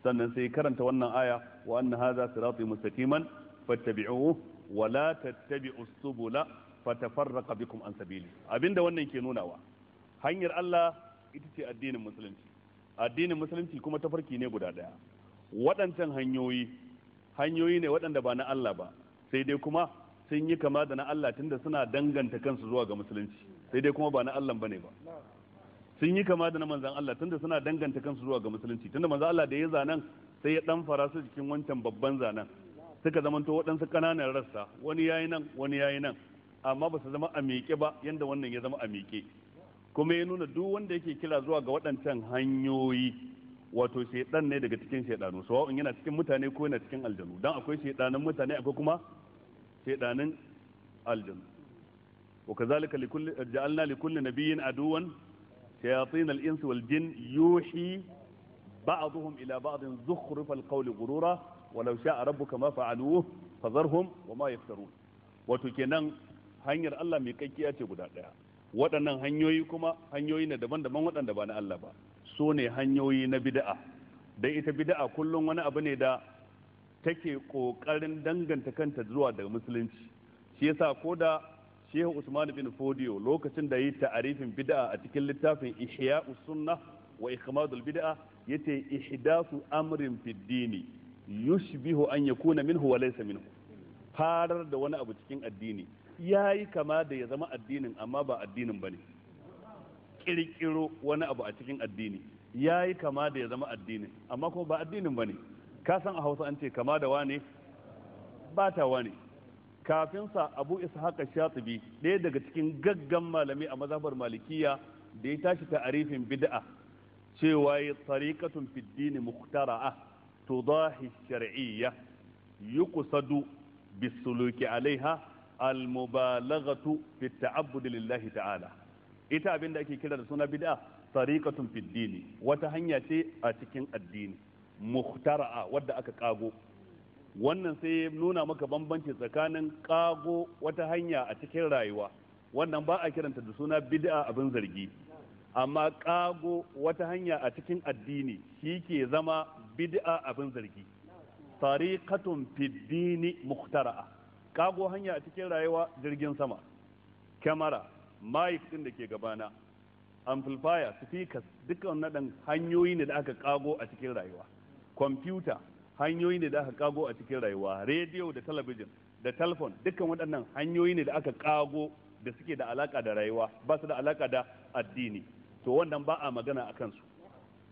sannan sai karanta wannan aya wa anna hadha sirati mustaqiman fattabi'uhu wa la tattabi'us subula fatafarraqa bikum an sabili abinda wannan ke nunawa hanyar Allah ita ce addinin musulunci addinin musulunci kuma tafarki ne guda daya waɗancan hanyoyi hanyoyi ne waɗanda ba na Allah ba sai dai kuma sun yi kama da na Allah tunda suna danganta kansu zuwa ga musulunci sai dai kuma ba na Allah bane ba sun yi kama da na manzan Allah tunda suna danganta kansu zuwa ga musulunci tunda manzan Allah da ya zanen sai ya dan fara su cikin wancan babban zanen suka zamanto waɗansu ƙananan rassa wani yayi nan wani yayi nan amma ba su zama a miƙe ba yanda wannan ya zama a miƙe kuma ya nuna duk wanda yake kira zuwa ga waɗancan hanyoyi wato shaidan ne daga cikin shaidanu sawa'un yana cikin mutane ko yana cikin aljanu dan akwai shaidanin mutane akwai kuma shaidanin aljanu wa kazalika likulli ja'alna likulli nabiyyin aduwan shayatin al-insi wal jin yuhi ba'dhum ila ba'din zukhruf al-qawli ghurura walau sha'a rabbuka ma fa'aluhu fazarhum wa ma yaftarun wato kenan hanyar Allah mai kakkiya ce guda daya waɗannan hanyoyi kuma hanyoyi na daban-daban waɗanda ba na Allah ba Su ne hanyoyi na bid'a Da ita bida'a kullum wani abu ne da take ƙoƙarin danganta kanta zuwa daga musulunci shi yasa ko da shehu usman bin fodiyo lokacin da yi ta'arifin bida'a a cikin littafin ihya sunna wa ikmadul bid'a yace ihdasu amrin fid dini yushbihu an yakuna minhu wa laysa minhu farar da wani abu cikin addini ya yi kama da ya zama addinin amma ba addinin ba ne ƙirƙiro wani abu a cikin addini ya yi kama da ya zama addinin amma kuma ba addinin ba ne ka san a hausa an ce kama da wane ba ta wane kafinsa abu haka shatibi ɗaya daga cikin gaggan malami a mazhabar malikiya da ya tashi ta arifin bid'a cewa ya tariqatun fid din muhtara'a tudahi shar'iyya yuqsadu bisuluki alaiha al-mubalaghatu fi lillahi ta'ala ita abin da ake kira da suna bid'a tariqatun fi dini wata hanya ce a cikin addini muhtara'a wadda aka kago wannan sai ya nuna maka bambanci tsakanin kago wata hanya a cikin rayuwa wannan ba a kiranta da suna bid'a abin zargi amma kago wata hanya a cikin addini shi ke zama bid'a abin zargi tariqatun fi dini muhtara'a kago hanya a cikin rayuwa jirgin sama kyamara mic din da ke gabana amplifier speakers dukkan nadan hanyoyi ne da aka kago a cikin rayuwa kwamfuta hanyoyi ne da aka kago a cikin rayuwa rediyo da talabijin da telephone dukkan waɗannan hanyoyi ne da aka kago da suke da alaka da rayuwa ba su da alaka da addini to wannan ba a magana a kansu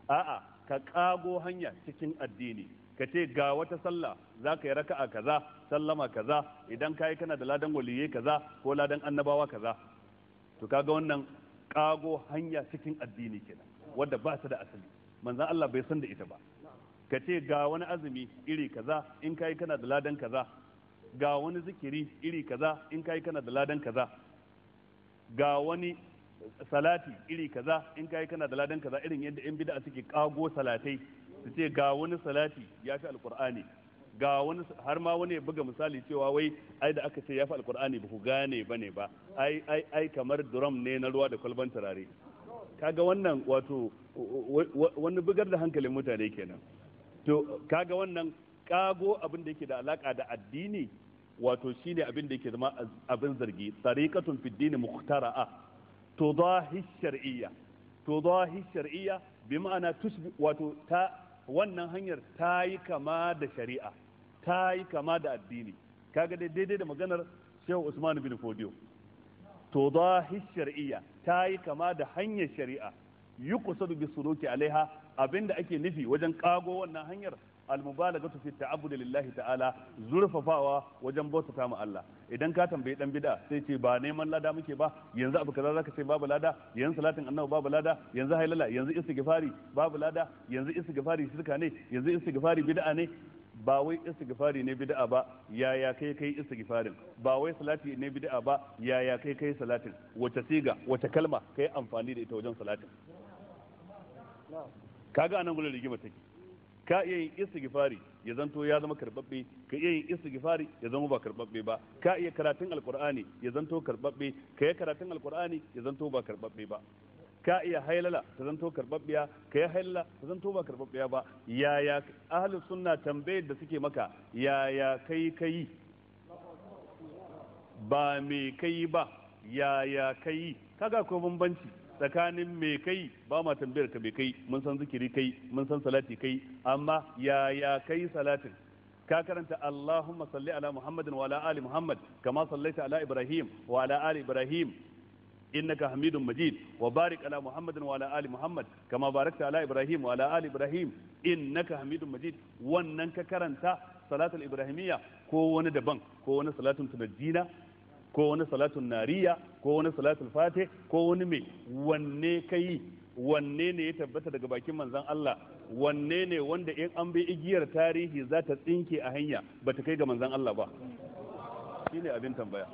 a'a ka kago hanya cikin addini ka ce ga wata sallah za ka yi raka'a kaza sallama kaza idan ka yi kana da ladan waliyye kaza ko ladan annabawa kaza to kaga wannan kago hanya cikin addini kenan wadda ba ta da asali manzan Allah bai san da ita ba ka ce ga wani azumi iri kaza in ka yi kana da ladan kaza ga wani zikiri iri kaza in ka yi kana da ladan kaza ga wani salati iri kaza in ka yi kana da ladan kaza irin yadda yan bid'a suke kago salatai su ce ga wani salati ya fi alkur'ani ga wani har ma wani buga misali cewa wai ai da aka ce ya fi alkur'ani ba ku gane ba ne ba ai ai ai kamar drum ne na ruwa da kwalban turare kaga wannan wato wani bugar da hankalin mutane kenan to kaga wannan kago abin da yake da alaka da addini wato shine abin da yake zama abin zargi tariqatun fi dini muhtara'a tudahi shar'iyya tudahi shar'iyya bi ma'ana wato ta wannan hanyar ta yi kama da shari'a ta yi kama da addini kaga daidai da maganar shehu usman bin fodiyo to zahi shari'a ta yi kama da hanyar shari'a yi kusa da bisuruki alaiha abinda ake nufi wajen kago wannan hanyar almubalagatu fi ta'abbud lillahi ta'ala zurfafawa wajen bautata ma Allah idan ka tambayi dan bid'a sai ce ba neman lada muke ba yanzu abu kaza zaka ce babu lada yanzu salatin annabi babu lada yanzu hailala yanzu istighfari babu lada yanzu istighfari shirka ne yanzu istighfari bid'a ne ba wai istighfari ne bid'a ba yaya kai kai istighfarin ba wai salati ne bid'a ba yaya kai kai salatin wace siga wace kalma kai amfani da ita wajen salatin kaga anan gurin rigima take ka iya yin istighfari ya zanto ya zama karbabbe ka iya yin istighfari ya zama ba karbabbe ba ka iya karatun alqur'ani ya zanto karbabbe ka iya karatun alqur'ani ya zanto ba karbabbe ba ka iya hailala ta zanto karbabbiya ka yi hailala ta zanto ba karbabbiya ba yaya ahlus sunna tambayar da suke maka yaya kai kai ba me kai ba yaya kai kaga ko bambanci tsakanin me kai ba ma tambayar ka me kai mun san zikiri kai mun san salati kai amma ya ya kai salatin ka karanta Allahumma salli ala Muhammadin wa ala ali Muhammad kama sallaita ala Ibrahim wa ala ali Ibrahim innaka Hamidum Majid wa barik ala Muhammadin wa ala ali Muhammad kama barakta ala Ibrahim wa ala ali Ibrahim innaka Hamidum Majid wannan ka karanta salatul ibrahimiyya ko wani daban ko wani salatun tunajjina ko wani salatun nariya ko wani salatul fatih ko wani mai wanne kai wanne ne ya tabbata daga bakin manzon Allah wanne ne wanda in an bi igiyar tarihi za ta tsinke a hanya ba ta kai ga manzon Allah ba shine abin tambaya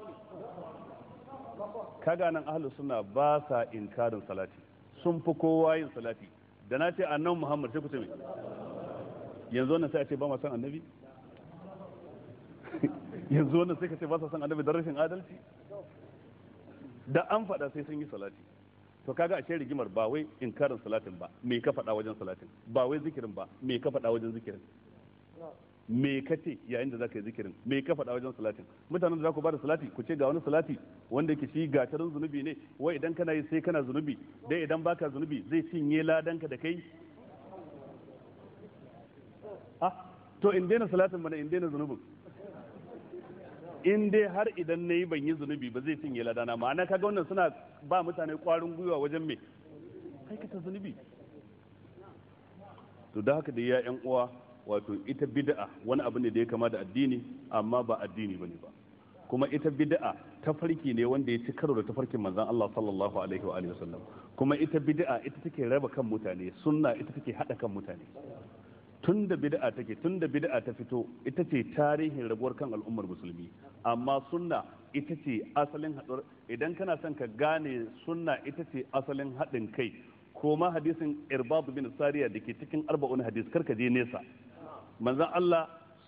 kaga nan ahlus sunna ba sa inkarin salati sun fi kowa yin salati da na ce annabi Muhammad sai ku ce yanzu wannan sai a ce ba ma san annabi yanzu wannan sai ka ce ba sa son annabi don rashin adalci da an faɗa sai sun yi salati to kaga ashe rigimar ba wai inkarin salatin ba me ka faɗa wajen salatin ba wai zikirin ba me ka faɗa wajen zikirin me ka ce yayin da zaka yi zikirin me ka faɗa wajen salatin mutanen da za ku ba da salati ku ce ga wani salati wanda yake shi gatarin zunubi ne wai idan kana yi sai kana zunubi dai idan baka zunubi zai cinye ladanka da kai ah, to in daina salatin mana in daina zunubin in dai har idan na yi ban yi zunubi ba zai cinye ladana ma'ana kaga wannan suna ba mutane kwarin gwiwa wajen me aikata zunubi to da haka da ya yan uwa wato ita bid'a wani abu ne da ya kama da addini amma ba addini bane ba kuma ita bid'a tafarki ne wanda ya ci karo da tafarkin manzon Allah sallallahu alaihi wa alihi wasallam kuma ita bid'a ita take raba kan mutane sunna ita take hada kan mutane tun da bid'a take tun da bid'a ta fito ita ce tarihin rabuwar kan al'ummar musulmi amma sunna ita ce asalin haɗuwar idan kana son ka gane sunna ita ce asalin haɗin kai ko ma hadisin irbab bin sariya da ke cikin arba'un hadis karka je nesa manzon Allah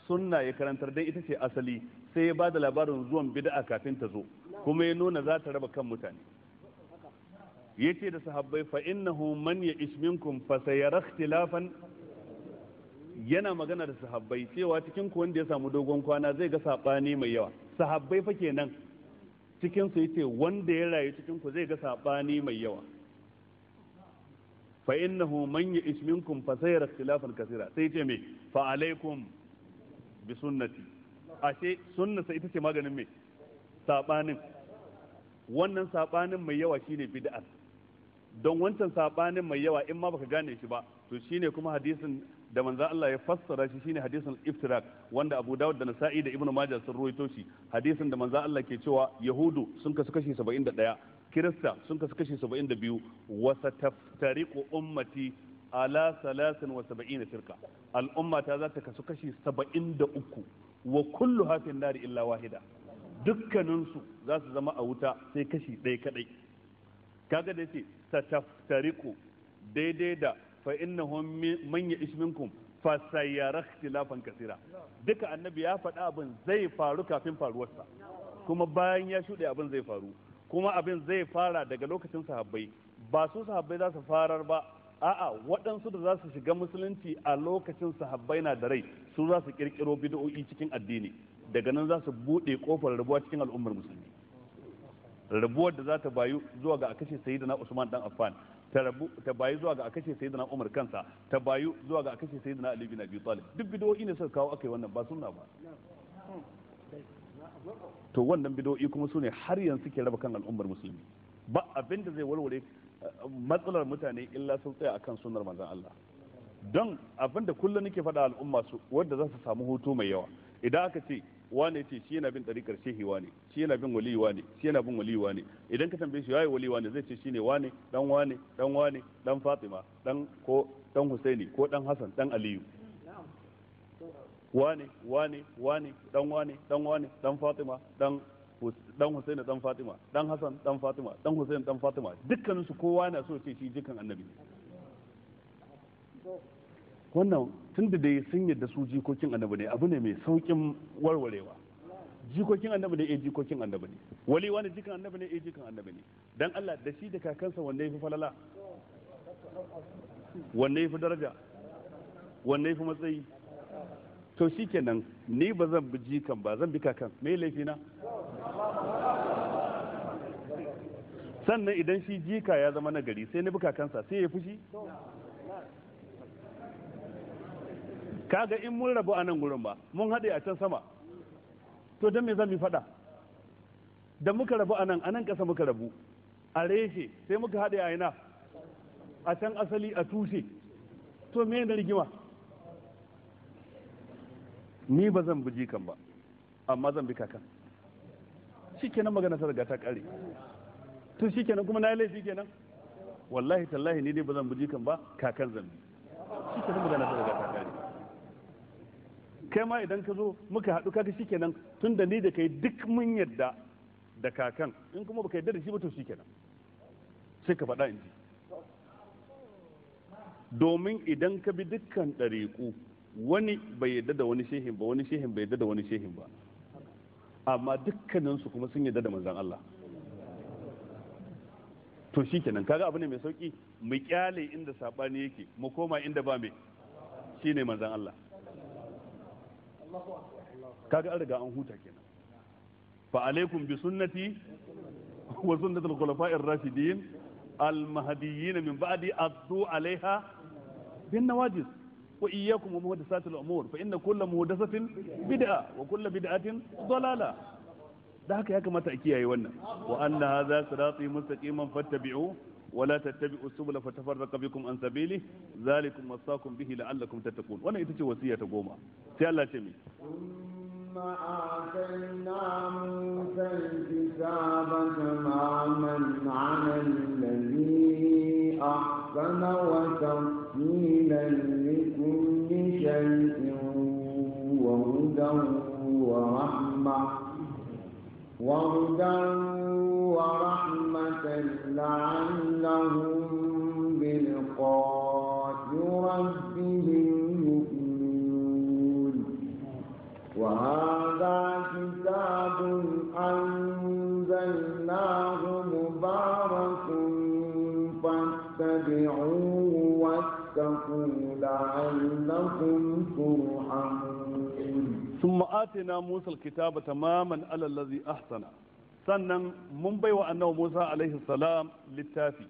sunna ya karantar dai ita ce asali sai ya ba da labarin zuwan bid'a kafin ta zo kuma ya nuna za ta raba kan mutane yace da sahabbai fa innahu man ya isminkum fa sayara ikhtilafan yana magana da sahabbai cewa cikin ku wanda ya samu dogon kwana zai ga sabani mai yawa sahabbai fa kenan cikin su yace wanda ya rayu cikin ku zai ga sabani mai yawa fa innahu man ya'ish minkum fa sayara ikhtilafan kaseera sai yace me fa alaikum bi sunnati ashe sunnata ita ce maganin me sabanin wannan sabanin mai yawa shine bid'a don wancan sabanin mai yawa in ma baka gane shi ba to shine kuma hadisin da manzan Allah ya fassara shi shine hadisin iftirak wanda Abu Dawud da Nasa'i da Ibn Majah sun ruwaito shi hadisin da manzan Allah ke cewa Yahudu sun kasu kashi 71 Kirista sun kasu kashi 72 wa sataftariqu ummati ala 73 firqa al'umma ta za ta kasu kashi 73 wa kullu hafin nari illa wahida dukkaninsu za su zama a wuta sai kashi ɗaya kadai kaga da yace sataftariqu daidai da fa innahum man ya'ish minkum fa sayyara ikhtilafan kaseera duka annabi ya faɗa abin zai faru kafin faruwarsa kuma bayan ya shuɗe abin zai faru kuma abin zai fara daga lokacin sahabbai ba su sahabbai za su farar ba a'a waɗansu da za su shiga musulunci a lokacin sahabbai na da rai su za su kirkiro bid'o'i cikin addini daga nan za su buɗe kofar rabuwa cikin al'ummar musulmi rabuwar da za ta bayu zuwa ga a kashe sayyidina Usman dan Affan ta rabu ta zuwa ga a kashe sayyidina Umar kansa ta bayu zuwa ga a kashe sayyidina Ali bin Abi Talib duk bid'o'i ne suka kawo akai wannan ba sunna ba to wannan bid'o'i kuma sune har yanzu ke raba kan al'ummar musulmi ba abin da zai warware uh, matsalar mutane illa sun tsaya akan sunnar manzon Allah don abin da kullum nake faɗa al'umma su wanda za su samu hutu mai yawa idan aka ce wane ce shi yana bin ɗariƙar shehi wane shi yana bin wali wane shi yana bin wali wane idan ka tambaye shi yayi wali wane zai ce ne wane dan wane dan wane dan Fatima dan ko dan Husaini ko dan Hassan dan Aliyu wane wane wane dan wane dan wane dan Fatima dan dan Husaini dan Fatima dan Hassan dan Fatima dan Husaini dan Fatima dukkan su kowa na so ce shi dukkan annabi ne wannan tun da dai sun yadda su jikokin annabi ne abu ne mai saukin warwarewa jikokin annabi ne eh jikokin annabi ne wali wani jikan annabi ne eh jikan annabi ne dan Allah da shi da kakansa wanne yafi falala wanne yafi daraja wanne yafi matsayi to shikenan ni ba zan bi jikan ba zan bi kakan me laifi na sannan idan shi jika ya zama nagari sai ni bi kakansa sai ya fushi kaga in mun rabu a nan gurin ba mun haɗe a can sama to don me zan yi faɗa da muka rabu a nan a nan ƙasa muka rabu a reshe sai muka haɗe a ina a can asali a tushe to me da rigima ni ba zan buji kan ba amma zan bi kakan shi kenan magana ta riga ta ƙare to shi kenan kuma na yi laifi kenan wallahi tallahi ni dai ba zan buji kan ba kakan zan bi shi kenan magana ta riga ta kai ma idan ka zo muka haɗu kaga shikenan tun da ni da kai duk mun yadda da kakan in kuma baka yadda da shi ba to shikenan sai ka faɗa in domin idan ka bi dukkan ɗariƙu wani bai yadda da wani shehin ba wani shehin bai yadda da wani shehin ba amma dukkaninsu kuma sun yadda da manzan Allah to shi kenan kaga abu ne mai sauki mu kyale inda sabani yake mu koma inda ba mai shine manzan Allah kaga an riga an huta kenan fa alaikum bi sunnati wa sunnatul khulafa'ir rashidin al mahdiyyin min ba'di addu alaiha bin nawajis wa iyyakum wa al umur fa inna kull muhdathatin bid'a wa kulla bid'atin dalala da haka ya kamata a kiyaye wannan wa anna hadha sirati mustaqiman fattabi'u ولا تتبعوا السبل فتفرق بكم عن سبيله ذلكم وصاكم به لعلكم تتقون وانا ita ce wasiya ta goma ثم آتينا موسى الكتاب تماما على الذي أحسن وتفصيلا لكل شيء وهدى ورحمة وهدى ورحمة لعلهم بلقاء ربهم يؤمنون وهذا كتاب أنزلناه مبارك فاتبعوه واتقوا لعلكم ترحمون ثم آتنا موسى الكتاب تماما على الذي أحسن sannan mun baiwa annabi Musa alaihi salam littafi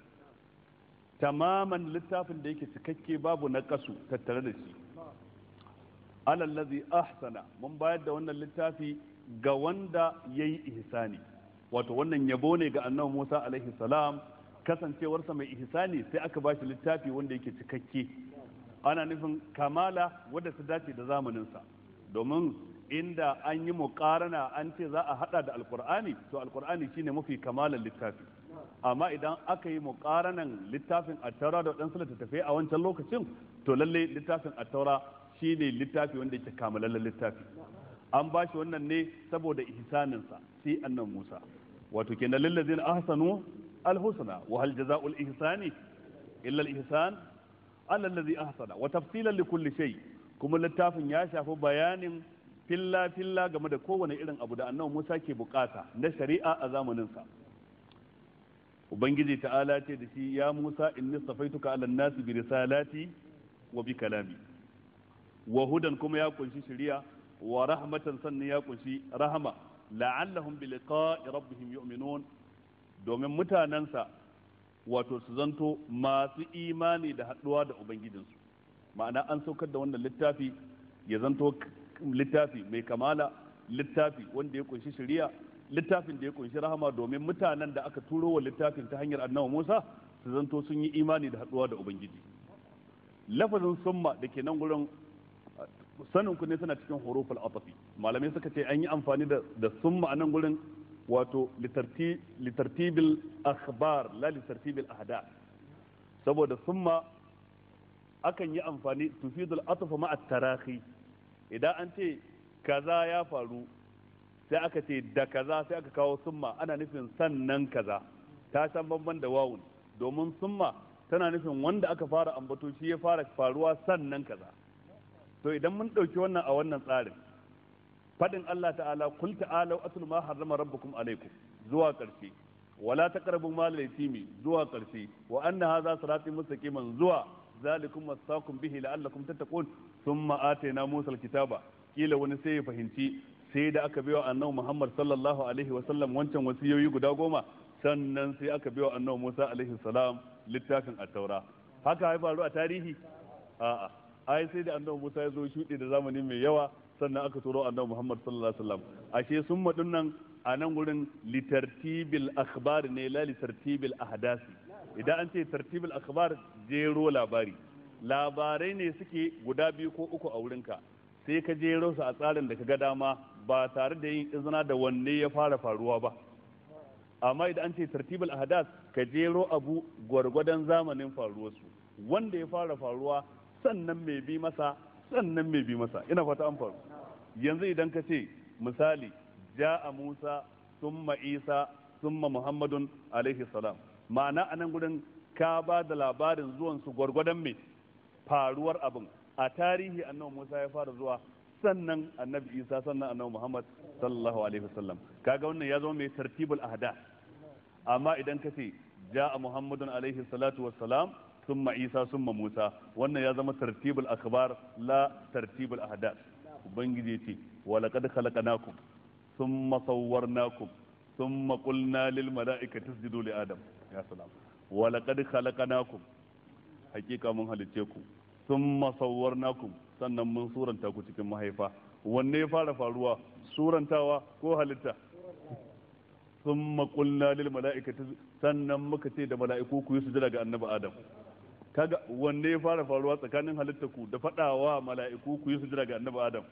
tamaman littafin da yake cikakke babu na kasu tattare da shi alallazi ahsana mun bayar da wannan littafi ga wanda yayi ihsani wato wannan yabo ne ga annabi Musa alaihi salam kasancewarsa mai ihsani sai aka ba shi littafi wanda yake cikakke ana nufin kamala wadda ta dace da zamaninsa domin inda an yi muƙarana an ce za a hada da alkur'ani to alkur'ani shine mafi kamalan littafi amma idan aka yi muƙaranan littafin taura da waɗansu littattafai a wancan lokacin to lalle littafin shi shine littafi wanda yake kamalallen littafi an ba shi wannan ne saboda ihsaninsa sai annan Musa wato kenan lillazina ahsanu alhusna wa hal jazaul ihsani illa ihsan ala ahsana wa tafsilan li kulli shay kuma littafin ya shafi bayanin filla filla game da kowane irin abu da annabi Musa ke bukata na shari'a a zamanin sa ubangiji ta'ala ce da shi ya Musa inni safaituka ala nasi bi risalati wa bi kalami wa hudan kuma ya kunshi shari'a wa rahmatan sannan ya kunshi rahama la'allahum bi liqa'i rabbihim yu'minun domin mutanansa wato su zanto masu imani da haduwa da ubangijinsu ma'ana an saukar da wannan littafi ya zanto littafi mai kamala littafi wanda ya kunshi shari'a littafin da ya kunshi rahama domin mutanen da aka turo wa littafin ta hanyar annabi Musa su zanto sun yi imani da haduwa da ubangiji lafazin summa da ke nan gurin sanin ku ne suna cikin huruful atafi malamai suka ce an yi amfani da da summa a nan gurin wato litartibil akhbar la litartibil ahda saboda summa akan yi amfani tufidul atafa ma'a tarahi idan an ce kaza ya faru sai aka ce da kaza sai aka kawo summa ana nufin sannan kaza ta san banban da wawun domin summa tana nufin wanda aka fara ambato shi ya fara faruwa sannan kaza to idan mun ɗauki wannan a wannan tsarin faɗin Allah ta'ala kul ta'alau atlu ma harrama rabbukum alaikum zuwa ƙarshe wala taqrabu mal yatimi zuwa ƙarshe wa anna hadha sirati mustaqiman zuwa zalikum wasaqum bihi la'allakum tattaqun thumma na Musa kitaba kila wani sai ya fahimci sai da aka biya annabi Muhammad sallallahu alaihi wa sallam wancan wasiyoyi guda goma sannan sai aka biya annabi Musa alaihi salam littafin at-taura haka ya faru a tarihi a'a ai sai da annabi Musa ya zo shuɗe da zamani mai yawa sannan aka turo annabi Muhammad sallallahu alaihi wasallam ashe sun madun nan a nan gurin litartibil akhbar ne la litartibil ahdasi idan an ce tartibil akhbar jero labari labarai ne suke guda biyu ko uku a wurinka sai ka jero su a tsarin da ka ga dama ba tare da yin izina da wanne ya fara faruwa ba amma idan an ce tartibul ahdas ka jero abu gwargwadon zamanin faruwarsu wanda ya fara faruwa sannan mai bi masa sannan mai bi masa ina fata an faru yanzu idan ka ce misali ja'a musa summa isa summa muhammadun alaihi salam ma'ana anan gurin ka ba da labarin zuwan su gwargwadon mai faruwar abin a tarihi annabi Musa ya fara zuwa sannan annabi Isa sannan annabi Muhammad sallallahu alaihi wasallam kaga wannan ya zama mai tartibul ahdath amma idan ka ce ja'a Muhammadun alaihi salatu wassalam ثم عيسى ثم Musa wannan ya zama tartibul akhbar la tartibul ahdath ubangiji yace wa laqad khalaqnakum thumma sawwarnakum thumma qulna lil malaikati isjudu li adam ya salam wa laqad khalaqnakum hakika mun halicce ku sun masauwar naku sannan mun suranta ku cikin mahaifa wanne ya fara faruwa surantawa ko halitta sun makulna lil mala'ikati sannan muka ce da mala'iku ku yi jira ga annabi adam kaga wanne ya fara faruwa tsakanin halitta ku da fadawa mala'iku ku yi su ga annabi adam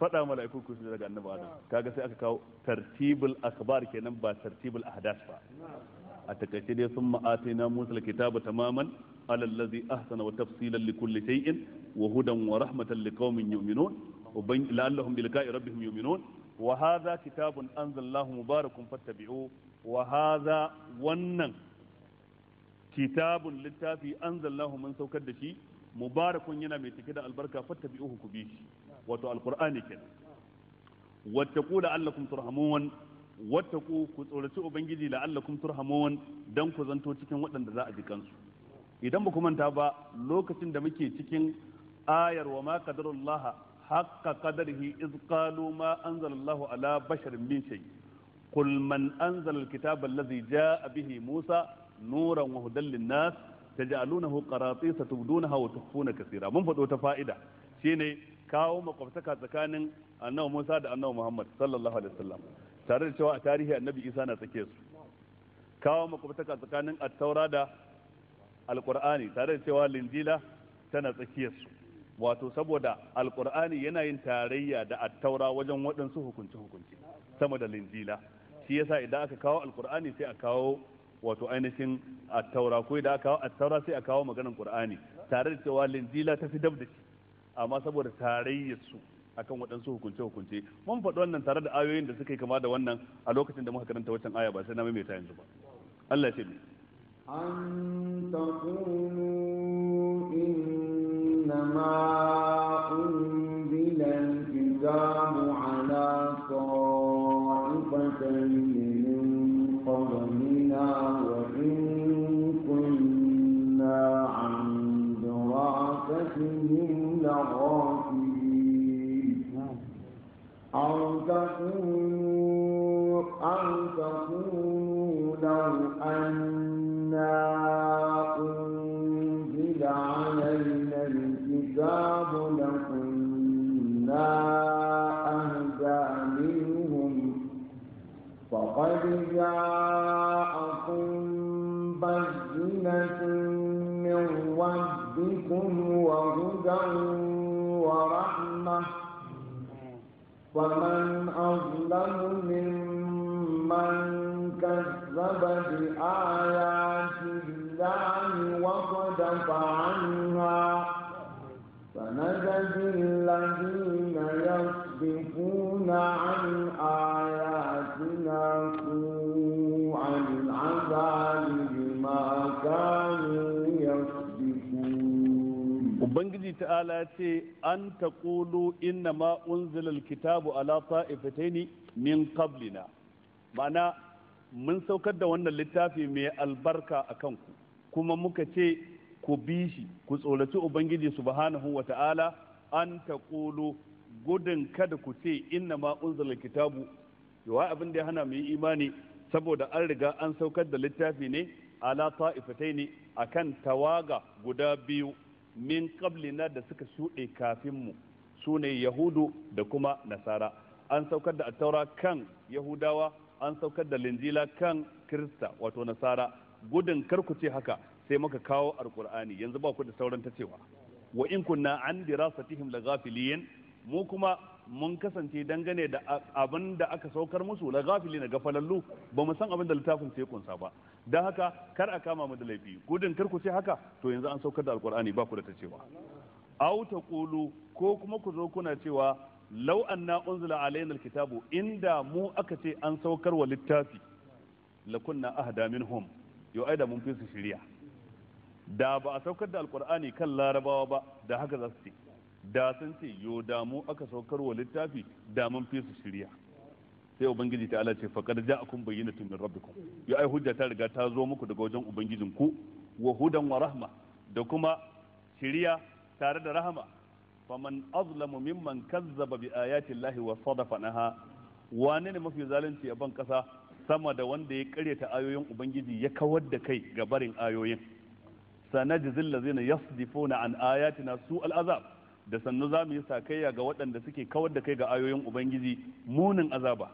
fada mala'iku ku yi sujada ga annabi adam kaga sai aka kawo tartibul akhbar kenan ba tartibul ahdas ba a takaice dai sun ma'atai na musul kitabu tamaman alallazi ahsana wa tafsilan li kulli shay'in wa hudan wa rahmatan li qaumin yu'minun uban la'allahum bi liqa'i rabbihim yu'minun wa hadha kitabun anzalallahu mubarakun fattabi'u wa hadha wannan kitabun littafi anzalallahu mun saukar da shi mubarakun yana mai cike da albarka fattabi'uhu ku bi shi wato alqur'ani kenan wattaqu la'allakum turhamun Wata ku tsoraci ubangiji la'allakum turhamun dan ku zanto cikin waɗanda za a ji kansu idan ba ku manta ba lokacin da muke cikin ayar wa ma qadarullah haqqa qadarihi iz qalu ma anzalallahu ala basharin min shay qul man anzala alkitaba alladhi jaa bihi musa nuran wa hudan linnas taj'alunahu qaratisa tubdunaha wa tukhfuna kaseera mun fado ta fa'ida shine kawo makwabtaka tsakanin annabi Musa da annabi Muhammad sallallahu alaihi wasallam tare da cewa a tarihi annabi isa na tsake su kawo makwabtaka tsakanin attaura da alkur'ani tare da cewa linjila tana tsakiyarsu su wato saboda alkur'ani yana yin tarayya da attaura wajen waɗansu hukunci hukunci sama da linjila shi yasa idan aka kawo alkur'ani sai a kawo wato ainihin attaura ko idan aka kawo attaura sai a kawo maganar qur'ani tare da cewa linjila ta fi dab da shi amma saboda tarayyar su akan waɗansu hukunce-hukunce mun faɗi wannan tare da ayoyin da suka yi kama da wannan a lokacin da muka karanta waccan aya ba sai na maimaita yanzu ba Allah ya ce an taqulu innama unzila al-kitabu ala ta'ifatan min qablina wa in kunna an durakatihim أو تقولوا أو تقولوا لو أنا أنزل علينا الكتاب لكنا أهدى منهم فقد جاءكم بينة من ربكم وهدى ورحمة ومن أظلم ممن كذب بآيات الله وصدف عنها فنجزي الذين يصدفون عنها ta'ala ce an ƙulu inna ma unzila kitabu ala ta'ifataini min qablina ma'ana mun saukar da wannan littafi mai albarka a kanku kuma muka ce ku bi shi ku tsoraci ubangiji subhanahu wa ta'ala an ƙulu gudun kada ku ce inna ma unzila kitabu yawa abin da ya hana mu yi imani saboda an riga an saukar da littafi ne ala ta'ifataini akan tawaga guda biyu min qablina da suka shuɗe kafin mu sune yahudu da kuma nasara an saukar da taura kan yahudawa an saukar da linjila kan kirista wato nasara gudun kar ku ce haka sai muka kawo alkur'ani yanzu ba ku da sauran ta cewa wa in kunna an dirasatihim laghafiliyin mu kuma mun kasance dangane da abin da aka saukar musu la gafili na gafalallu ba mu san abin da littafin sai kunsa ba don haka kar a kama mu da laifi gudun kar ku ce haka to yanzu an saukar da alkur'ani ba ku da ta cewa ta Kulu ko kuma ku zo kuna cewa law anna unzila alaina alkitabu inda mu aka ce an saukar wa littafi la lakunna ahda minhum yo aida mun fi su shirya da ba a saukar da alkur'ani kan larabawa ba da haka za su ce da sun ce yo da aka saukar wa littafi da mun fi su shirya sai ubangiji ta ala ce faqad ja'akum bayyinatun min rabbikum ya ai hujja ta riga ta zo muku daga wajen ubangijin ku wa hudan wa rahma da kuma shirya tare da rahama faman azlamu mimman kazzaba bi ayati llahi wa sadafa naha wane ne mafi zalunci a ban kasa sama da wanda ya karyata ayoyin ubangiji ya kawar da kai ga barin ayoyin sanajizil ladzina yasdifuna an ayatina su al'azab da sannu za mu yi sakayya ga waɗanda suke kawar da kai ga ayoyin ubangiji munin azaba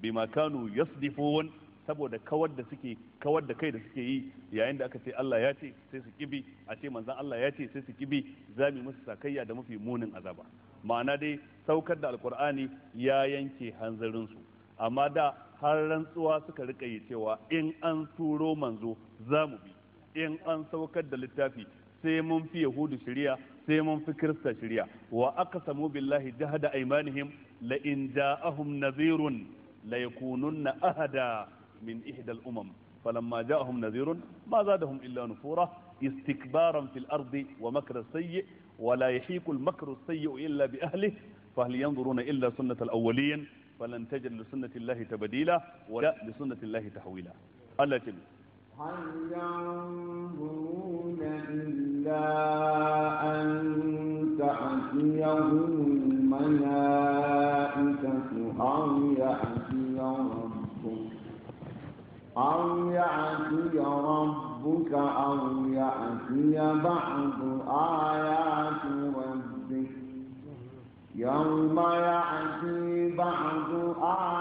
bima kanu yasdifun saboda kawar da suke kawar da kai da suke yi yayin da aka ce Allah ya ce sai su kibi a ce manzon Allah ya ce sai su kibi za mu yi musu sakayya da mafi munin azaba ma'ana dai saukar da alkur'ani ya yanke hanzarinsu su amma da har rantsuwa suka rika yi cewa in an turo manzo za mu bi in an saukar da littafi sai mun fi yahudu shirya sai mun fi kirista shirya wa aqsamu billahi jahada aymanihim la in ja'ahum nadhirun la yakununna فلما جاءهم نذير ما زادهم إلا نفورا استكبارا في الأرض ومكر السيء ولا يحيق المكر السيء إلا بأهله فهل ينظرون إلا سنة الأولين فلن تجد لسنة الله تبديلا ولا لسنة الله تحويلا التي هل ينظرون إلا إلا أن تأتيهم الملائكة أو يأتي ربك أو يأتي ربك أو يأتي بعض آيات ربك يوم يأتي بعض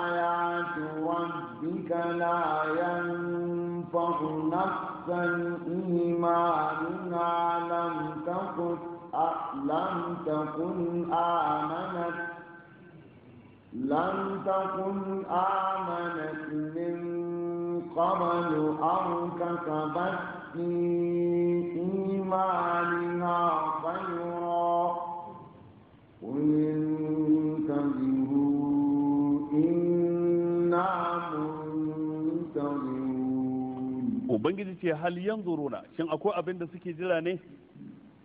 آيات ربك لا ينفع نفسا لم تكن آمنت لم تكن آمنت من قبل أو كسبت في إيمانها خيرا قل Ubangiji ce hal yanzu runa, shin akwai abin da suke jira ne?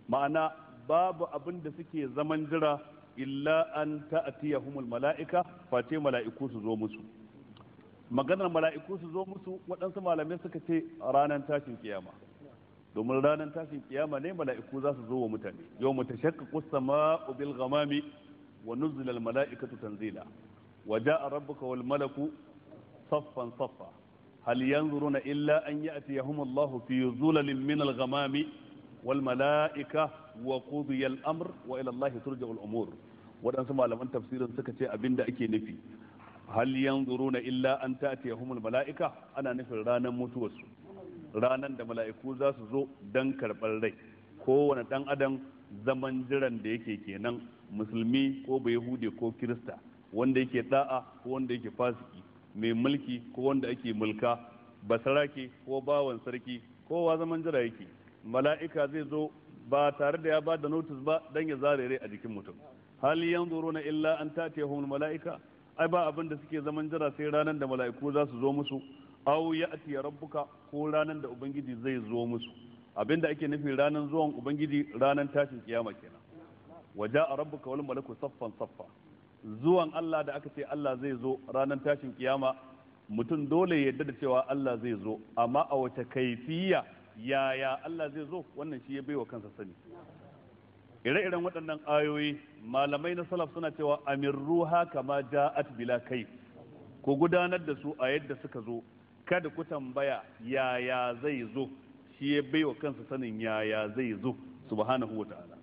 Ma'ana babu abin da suke zaman jira illa an ta'tiyahumul mala'ika face mala'iku su zo musu maganar mala'iku su zo musu waɗansu malamai suka ce ranar tashin kiyama domin ranar tashin kiyama ne mala'iku za su zo wa mutane yau mu tashaqqaqu as-sama'u bil ghamami wa nuzila al mala'ikatu tanzila wa ja'a rabbuka wal malaku saffan saffa hal yanzuruna illa an ya'tiyahum Allah fi zulalin min al ghamami Walmalaika mala'ika wa qudiya al amr wa ila allahi turja al malaman tafsirin suka ce abinda ake nufi hal yanzuruna illa an ta'tiyahum al mala'ika ana nufin ranar mutuwarsu ranar da mala'iku za su zo dan karɓar rai kowane dan adam zaman jiran da yake kenan musulmi ko bayahude ko kirista wanda yake ɗa'a ko wanda yake fasiki mai mulki ko wanda ake mulka basarake ko bawan sarki kowa zaman jira yake mala'ika zai zo ba tare da ya ba da notice ba dan ya zare rai a jikin mutum hal na illa an tace tatiyahum mala'ika ai ba abin da suke zaman jira sai ranar da mala'iku za su zo musu au ya aw ya rabbuka ko ranar da ubangiji zai zo musu abin da ake nufi ranar zuwan ubangiji ranar tashin kiyama kenan waja a rabbuka wal malaku saffan saffa zuwan Allah da aka ce Allah zai zo ranar tashin kiyama mutum dole ya yarda da cewa Allah zai zo amma a wace kaifiya yaya Allah zai zo wannan shi ya baiwa kansa sani ire-iren waɗannan ayoyi malamai na salaf suna cewa ruha kama ja'at bila kai ku gudanar da su a yadda suka zo kada ku tambaya yaya zai zo shi ya baiwa kansa sanin yaya zai zo subhanahu wata'ala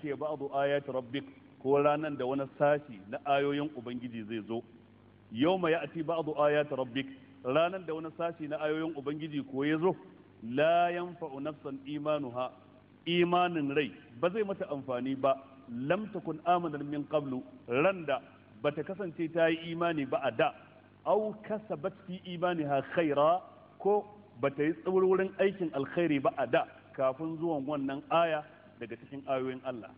ce ba abu ayat rabbik ko ranan da wani sashi na ayoyin ubangiji zai zo Yau ya ce ba abu ayat rabbik ranar da wani sashi na ayoyin ubangiji ko ya zo la yanfa'u nafsan imanuha imanin rai ba zai mata amfani ba lam takun amanar min qablu randa bata kasance ta yi imani ba a da au kasabat fi imaniha khaira ko bata yi tsawurwurin aikin alkhairi ba a da kafin zuwan wannan aya daga cikin ayoyin Allah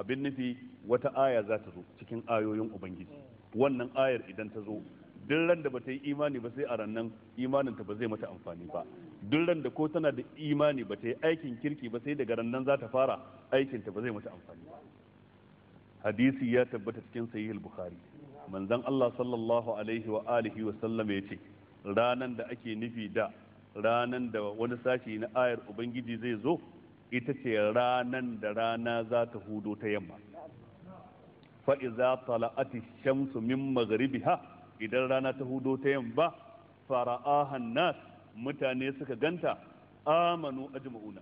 abin nufi wata aya za ta zo cikin ayoyin ubangiji wannan ayar idan ta zo duk ran da bata yi imani ba sai a rannan imanin ta ba zai mata amfani ba duk da ko tana da imani ba ta yi aikin kirki ba sai daga rannan za ta fara aikin ta ba zai mata amfani ba hadisi ya tabbata cikin sahih al-bukhari manzon Allah sallallahu alaihi wa alihi wa sallam yace ranan da ake nufi da ranan da wani sashi na ayar ubangiji zai zo ita ce ranan da rana za ta hudo ta yamma fa iza tala'ati shamsu min ha? idan rana ta hudo ta yamma fara'ahan nas mutane suka ganta amanu ajma'una